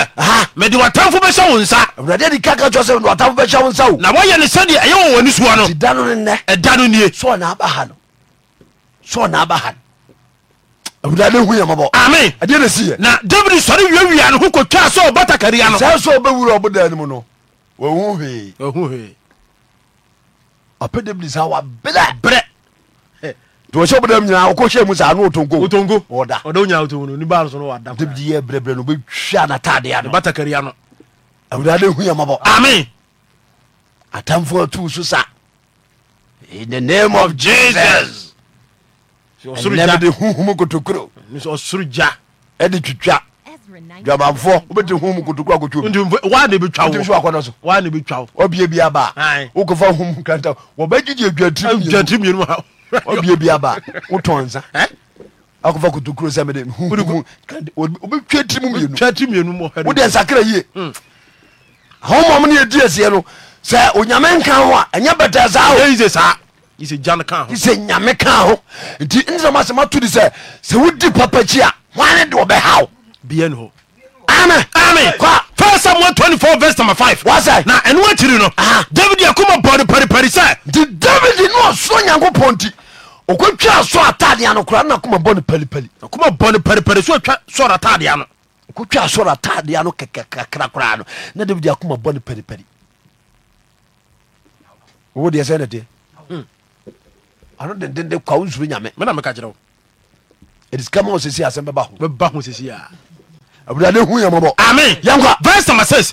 mede watamfo bɛsɛ wo sadaa sao nawyɛ no sɛdɛ ɛyɛwwanesanoa da nnbaa s n david sɔre ianoowa sɛbaakaroɛsɛbwbodnmpɛ davswea wɔhyɛ bdam nyinaa wɔkɔhyɛ mu saa ne ɔtonko ɔdadabidi yɛ brɛbrɛ no wobɛtwa natadeɛ nobatakaria no awurade hu yamabɔ ame atamfoɔ atuu so sa in the name of jesus ɛnɛmede huhum kotokuro ɔsoro gya ɛde twitwa dwamanfoɔ wobɛte hum kotokuro akotwomwakɔdɔ so ɔbia biaba wokɔfa hum kanta wɔbɛgyegye adwatiri mmienu ɔbie bi aba wotɔn nsa eh? akɔfa kotokuro sɛ mede obɛtwa tiri mu mmienwode nsakra yie hmm. homam ne yɛdi asiɛ no sɛ onyame nka ho a ɛnyɛ bɛtɛ saa sɛ nyame ka ho nti nsɛmasɛmato de sɛ sɛ wodi papakyi a hoane de Kwa, first samuel twenty four verse number 5 wasɛ na ɛno akyiri no david akoma bɔre paripari sɛ Di david ne ɔsoro nyankopɔn nti okotwaa sɔre ataadeɛ no kora na koma bɔne palipali koma bɔne paripari so atwa sɔre ataadeɛ no okotwaa sɔre ataadeɛ no kakra koraa no na david akoma bɔne paripari wo deɛ sɛ nadeɛ hmm. ano dendende kwa wo nsuro nyame mena meka kyerɛ wo ɛde sika ma wo sɛsi asɛm bɛba ho bɛba ho sɛsi a awurade hu yɛ mɔbɔ amen yɛnkwa vers number 6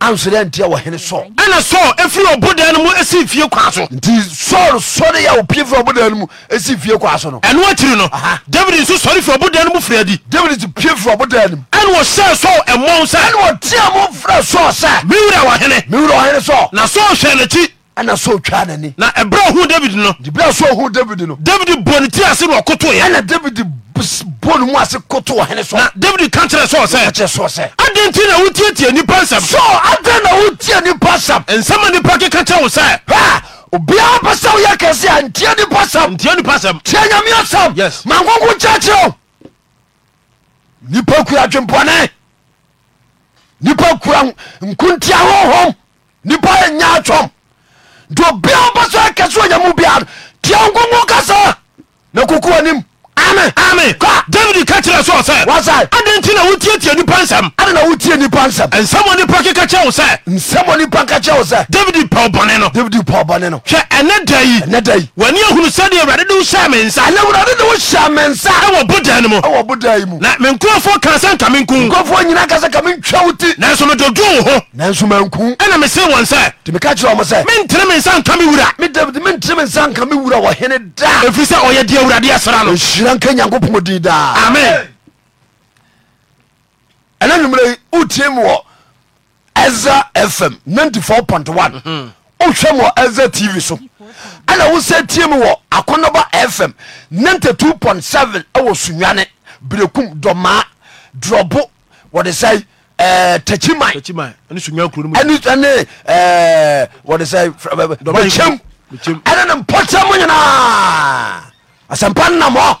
ansere ntia wɔ hene saul ɛna saul ɛfiri ɔbodan no mu ɛsi fie kwa so nti saul sɔre yɛ opie firi ɔbodan no mu ɛsi fie kwa so no ɛno akyiri no david nso sɔre firi ɔbodan no mu firi adi david nso pie firi ɔbodan no mu ɛna wɔhyɛ saul ɛmɔn sɛ ɛna wɔtea mo frɛ saul sɛ mewura wɔ hene mewura wɔ hene saul na saul hwɛ n'akyi ɛna so twa n'ani na ɛberɛ ɔhu david no ɛberɛ so ɔhu david no david bɔ ne ti ase na ɔkotoeɛ ɛna david bɔ ne mu ase koto wɔ hene so na david ka kyerɛ saul sɛ kyerɛ saul adɛnti na wotiatia nnipa nsɛm so adɛn na wotia nnipa sam nsɛm a nnipa keka kyerɛ wo sɛ obiara pɛ sɛ woyɛ kɛse a ntia nnipa sam ntia nnipa sam tia nyame sam mankonko kyerɛkyerɛ nipa kura dwempɔne nipa kura nkontia hohom nipa yɛ nya atwɔm nti obia pɛ sɛ yɛ kɛse onyame biara tia nkonko kasa na kokoanim amen amen kɔ david ka kyerɛ sɔɔ sɛ wasa adi nti na wotietie nipa nsɛm adi na wotie nipa nsɛm nsɛm nipa keka kyɛ wo sɛ nsɛm nipa ka kyɛ wo sɛ david pɛw bɔne no david pɛw bɔne no hwɛ ɛnɛ da yi ɛnɛ da yi w'ani ahunu sɛdeɛ awurade de wo hyɛ me nsa ɛnɛ awurade de wo hyɛ me nsa ɛwɔ bodan no mu ɛwɔ bodan yi mu na me nkurɔfoɔ kaa sɛ nka me nku nkurɔfoɔ nyinaa ka sɛ ka me ntwa wo ti nanso medodwo wo ho nanso manku ɛna mese wɔn sɛ tumi ka kyerɛ wɔn sɛ mentere me nsa nka me wura me david mentere me nsa nka me wura wɔ hene da ɛfiri sɛ ɔyɛ deɛ awurade asra no nhyira anka nyankopɔn din daa amen ɛna numere wotie mu wɔ ɛza fm 94.1 wohwɛ mu wɔ ɛza tv so ɛna wosɛ tie mu wɔ akɔnɔba fm 92.7 ɛwɔ sunwane berekum dɔmaa dorɔbo wɔde sɛ takyiman ɛne wɔde sɛ bɔkyɛm ɛne ne mpɔkyɛ mo nyinaa asɛmpa nnamɔ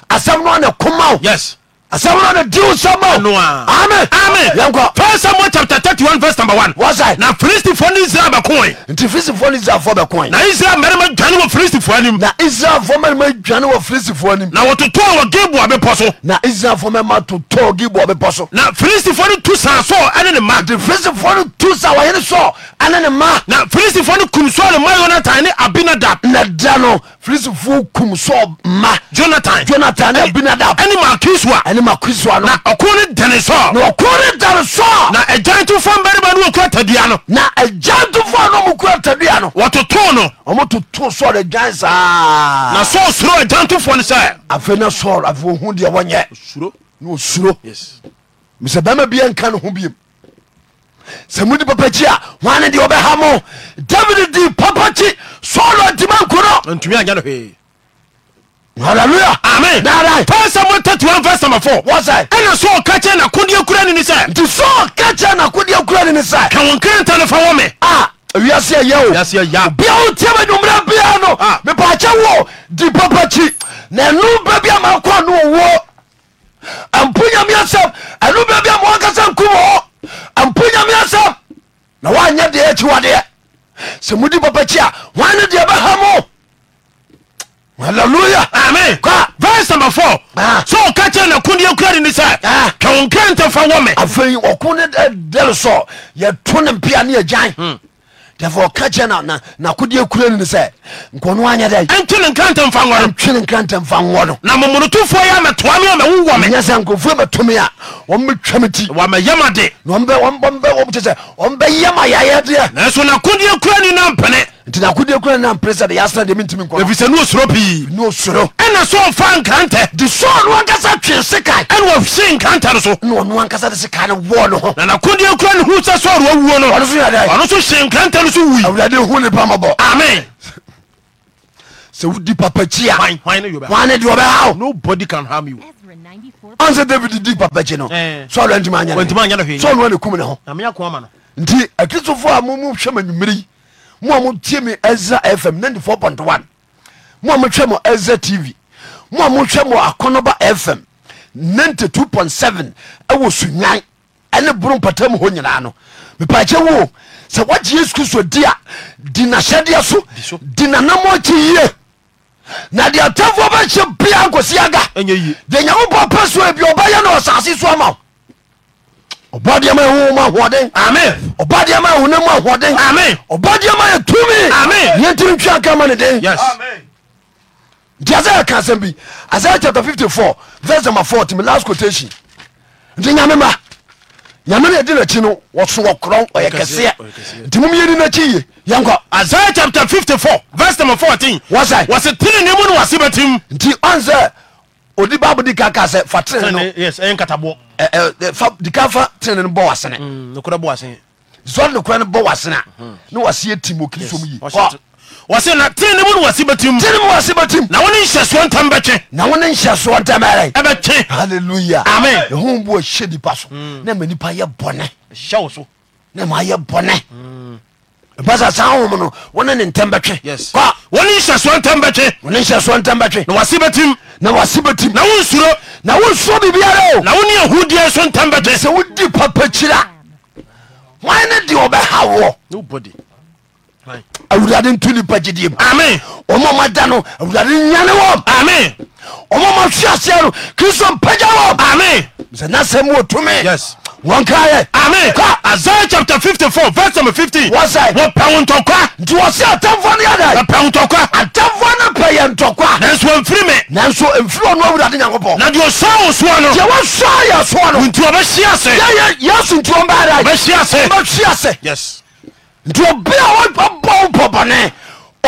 asɛm no ane koma o yes asɛm no ne diw sɛbɔ ame ame yɛnkɔ first samuel chapter thirty one verse number one wɔsae na filistifoɔ ne israel bɛkoe nti filistifoɔ ne israelfoɔ bɛkoe na israel mmarima dwane wɔ filistifoɔ anim na israelfoɔ mmarima dwane wɔ filistifoɔ anim na wɔtotɔɔ wɔ gilboa bepɔ so na israelfoɔ mmarima totɔɔ gilboa bepɔ so na filistifoɔ no tu saa sɔɔ ɛne ne ma nti filistifoɔ no tu saa wɔyene sɔɔ ɛne ne ma na filistifoɔ no kum sɔɔ ne ma yonatan ne abinadab na da no filisifo kum saul ma jonathan jonathan ne abinadab ɛne makisua ɛne makisua no na ɔko ne dene saul na ɔko ne dene saul na agyan tofoɔ mbarima no wɔkura tadua no na agyan tofoɔ no mokura tadua no wɔtoto no ɔmo toto saul agyan saa na saul suro agyan tofoɔ no sɛ afei na saul afei ohu deɛ wɔnyɛ suro na osuro mesɛ bɛma bia nka ne ho biam sɛ mode papakyi a wane deɛ wɔbɛha mo david di papakyi saulo ntima nko no hallelujah amen dada first samuel thirty one verse number four wọ́n sẹ́ ẹ̀na sọ́ọ̀ kẹ́kẹ́ na kúndíẹ̀ kúrẹ́ ni ni sẹ́ nti sọ́ọ̀ kẹ́kẹ́ na kúndíẹ̀ kúrẹ́ ni ni sẹ́ kẹwọn kẹ́rin tẹ́lẹ̀ fọwọ́ mi a wiase ɛyɛ o wiase ɛyɛ a bia o tiɛ bɛ nyɔmuna bia no mipaakyɛ wo di papakyi na ɛnu bɛɛ bi a ma kɔ anu wo ɛmpu nyamia sɛm ɛnu bɛɛ bi na wanyɛ de ɛkyi wadeɛ sɛ modi papa kyi a wane deɛ ɛbɛha mu aleluyaa vers n fsɛ ɔka kyrɛ nako dekrann sɛ wɛoknt fa wɔme afe wɔko no ɛdele so yɛto ne mpia ne yagyan dfo hmm. ɔka kyerɛ nako deɛ kura ne ni sɛ knntwene nkrant fa nene krantfa n momonotfoametoameonkufuamtwmɛyama deanakodekra ne nompentfisɛnsorop nsofa nkrant e ae sekane nkrantɛ sonnnakoekanno e nkrant o m wodi papaki i rioo ur tvafm w sua ne brpaaɔyanepwke yesu kriso di dinasɛdeɛsodinn na deɛ atamfoɔ bɛhyɛ bia nkosi aga deɛ nyankopɔn pɛ soa bi ɔbɛyɛ na ɔsase so ama ɔba deɛma ɛhowo mu ahoɔden ame ɔba deɛma ɛhone mu ahoɔden ame ɔba deɛma yɛ tumi ame yɛntimi ntwi aka ma ne den nti asɛ yɛka asɛm bi asɛ chapter 54 verse number 40 last quotation nti nyame ma nyame ne ɛdi nakyi no wɔso wɔ korɔn ɔyɛ kɛseɛ nti mom yɛni nakyi ye yɛnkɔ isaia chapter 54 verse number 14 wɔsɛ wɔse tene ne mu no wɔse bɛtim nti ɔn odi bible di kaka sɛ fa tene no ɛyɛ nkataboɔ dika fa tene no bɔ wasene mm, nokorɛ bɔ wasene sɔre nokorɛ no bɔ wasene a mm. ne wɔseɛ tim okristo mu yi wɔse na tene mu ne wɔse bɛtim tene mu wɔse bɛtim na wone nhyɛsoɔ ntam bɛtwe na wone nhyɛsoɔ ntam ɛrɛ ɛbɛtwe halleluya amen ɛho bo ɛhyɛ nipa so hmm. na ma nipa yɛ bɔne ɛhyɛ wo so na ma yɛ bɔne basa saa hom no wone ne ntam bɛtwe wone nhyɛsoɔ ntam bɛtwe wone nhyɛsoɔ ntam bɛtwe na wɔse bɛtim na wɔse bɛtim na wonsuro na wonsuro biribiara o na wone ahodeɛ so ntam bɛtwe sɛ wodi papakyira wan ne deɛ wɔbɛhawoɔ awurade nto nipa gyidie mu amen ɔmo ma da no awurade nyane wɔm amen ɔmo ma fi aseɛ no kristo mpagya wɔm amen sɛ na sɛm wɔ tumi yes wɔn ka yɛ amen ka Isaiah chapter fifty four verse number fifteen wọ́n sɛ wọ́n pẹ̀wò ntɔkwa nti wọ́n sɛ atamfoɔ no yɛ dɛ pẹ̀wò ntɔkwa atamfoɔ no pɛ yɛ ntɔkwa nanso nfiri mi nanso nfiri ɔno awurade nyankopɔn na deɛ ɔsɔ wɔ soɔ no deɛ wɔsɔ yɛ soɔ no nti ɔbɛhyia se yɛ yɛ yɛ suntuo mbaa dɛ ɔbɛhyia se ɔbɛhyia se yes nti obi a wɔbɔ wo pɔbɔne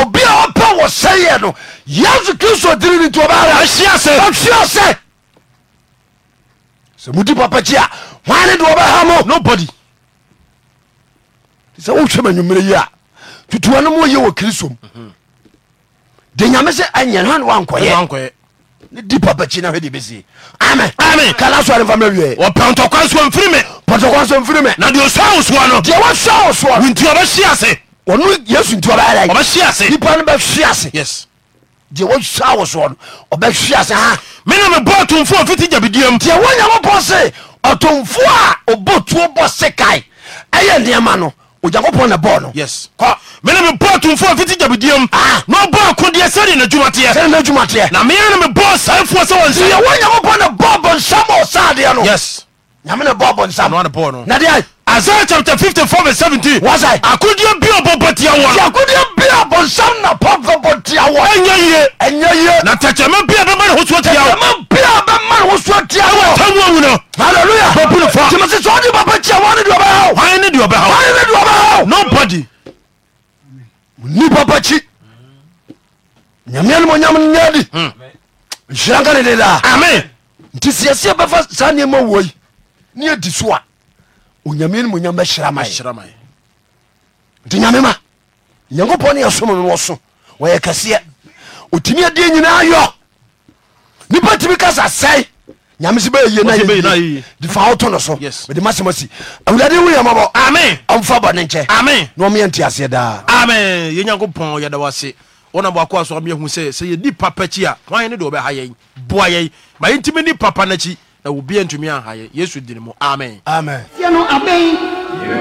obi a wɔpɛ wɔ sɛyɛ no yesu kristo diri no nti ɔbɛhia sɛ sɛ mudi papakyi a hwane de wɔbɛha mo nobody sɛ wohwɛ ma nwummerɛ yi a tutuwa no mɔyɛ wɔ kristo m mhm. de nyame sɛ ɛnyɛ no hane wankɔyɛ ne di papakyi na hwɛ de bɛsie amen amen kala sɔre nfa mi wiye. wɔpɛ ntɔkwa nsuo nfiri mi. pɔtɔkwa nsuo nfiri mi. na deɛ osua osua no. deɛ wasua osua no. nti ɔbɛ si ase. wɔn yesu nti ɔbɛ yɛrɛ yi. ɔbɛ si ase. nipa ni bɛ si ase. yes. deɛ wasua osua no ɔbɛ si ase ha. mi na mi bɔ ɔtunfo ofiti jabidie mu. deɛ wɔnyamɔ bɔ se ɔtunfo a ɔbɔ tuo bɔ se kae ɛyɛ nneɛma no oyakpɔ nbɔ mene mebɔɔ tomfo fite jabediam ne bɔɔ ko deɛ sɛdeɛn wuma tɛ nmeene mebɔɔ safoɔ sɛnyak bɔɔ bnsamsadɛ is 5a onyame nmunyam bɛhyerama nti nyame ma nyankopɔn ne yɛsom no wɔso wɔyɛ kɛseɛ ɔtumi adeɛ nyinaa yɔ nipa tumi kasa sɛe nyame sɛ bɛyɛ de fa woto no so mede masɛm asi awurade wo yɛmɔbɔ ame ɔmfa bɔne nkyɛ ame na ɔmeyɛ nte aseɛ daa ame yɛ nyankopɔn yɛda wo ase wɔna boakoa so ɔmeahu sɛ sɛ yɛdi papa kyi a hwan ne de wɔbɛha yɛn boa yɛn ma yɛntimi ni papa no na obi ntumi anha yɛ yesu dini mu amen. amen.